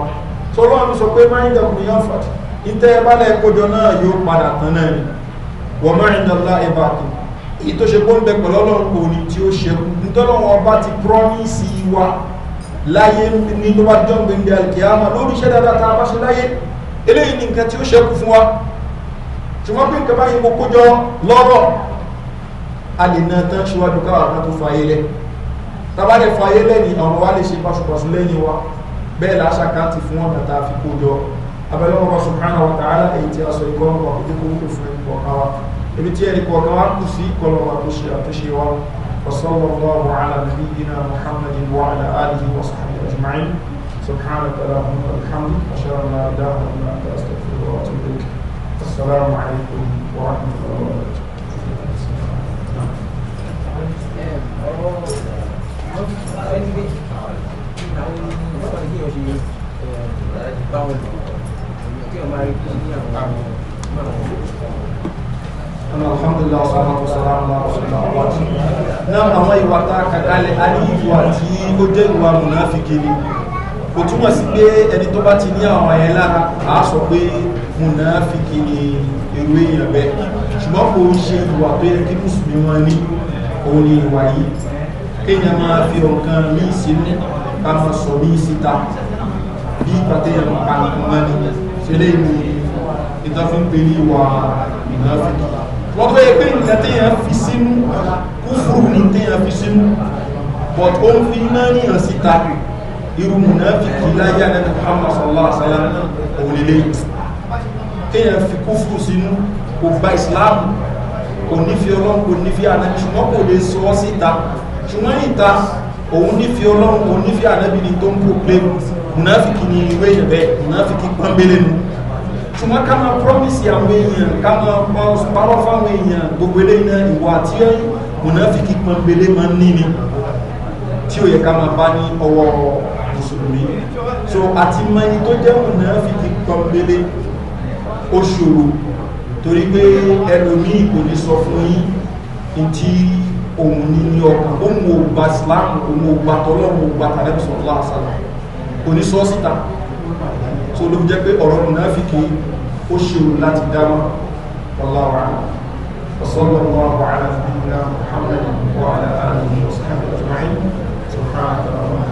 Speaker 1: tó lọ́wọ́ mi sọ pé máa ń dẹ̀ kùnú yàn fàtí ìtẹ́ balẹ̀ kójọ náà yóò padà tán náà ni wọ́n máa ń dọ̀lá ìbàkì èyí tó ṣe pé pẹ̀lú ọlọ́run kò ní tí ó ṣe ń tọ́lọ́wọ́n ọba ti promise wa láyé ní tó bá jọ́ gbèndé alkiyama lórí iṣẹ́ dáadáa tá a bá ṣe láyé eléyìí ni nǹkan tí ó ṣẹ́kù fún wa ṣùgbọ́n bí nǹkan bá ṣe kókó jọ lọ́rọ̀ a lè na tán ṣíwájú káwà kan tó fàyé lẹ tábà lè fàyé lẹ́yìn àwọn wa lè ṣe wa bẹ́ẹ̀ làṣà kan ti fún ọ̀nà tá fi kó jọ abẹ́lẹ́ subhanahu wa ta'ala èyí tí a sọ ìkọ́ ọ̀nà wa kó dé kó wúlò fún ẹnì kọ̀ọ̀kan wa ibi tí wa kù sí kọlọ̀ wa وصلى الله على نبينا محمد وعلى آله وصحبه أجمعين سبحانك اللهم الحمد أشهد أن لا إله إلا أنت أستغفرك وأتوب إليك السلام عليكم ورحمة الله وبركاته Thank you. alhamdulilah salatu salam ala rasulillah wa náà àwọn ìwà tá a kà kalẹ̀ a ní ìwà tí ó jẹ́ ìwà mùnáfíkì ni kò túmọ̀ sí pé ẹni tó bá ti ní àwọn ẹ̀yẹ lára à á sọ pé mùnáfíkì ni èrò èèyàn bẹ́ẹ̀ ṣùgbọ́n kò ń ṣe ìwà tó yẹ kí mùsùlùmí wọn ní òun ni ìwà yìí kéèyàn máa fi ọ̀kan míì sínú ká máa sọ míì síta bí ìpàtẹ́yàn máa pa nǹkan mọ́ni ṣe lè ní ní ìwà mùnáfíkì wọ́n tó yẹ pé nǹkan téèyàn fi sínú kúfùrù ní téèyàn fi sínú but ó ń fi iná níyàn síta irú mùnáfíkì láyé àdẹ́nà Muhammad sallallahu alaihi wa sallam òun lè léyìn téèyàn fi kúfùrù sínú kò gba ìsìláàmù kò nífi ọlọ́run kò nífi ànábi ṣùgbọ́n kò lè sọ ọ́ síta ṣùgbọ́n níta òun nífi ọlọ́run kò nífi ànábi ni tó ń pò pé mùnáfíkì ni ìwé ìyẹ̀bẹ̀ mùnáfíkì pọ́nbélé nu ṣùgbọ́n kama promise àwọn èèyàn kama máa pa parọ́ fáwọn èèyàn gbogbo eléyìí náà ìwà tí mùnàfíkì pọnbélé máa ń ní ni tí so àti mọyì tó jẹ́ kumbele pọnbélé ó ṣòro torí pé ẹlòmíì kò ní sọ fún yín ntí òun ní ní ọkàn òun ò gba tó ló jẹ́ pé ọ̀rọ̀ mùnáfíkì ó ṣòro láti dámọ́ ọláwà وصلى الله على سيدنا محمد وعلى اله وصحبه اجمعين سبحانك اللهم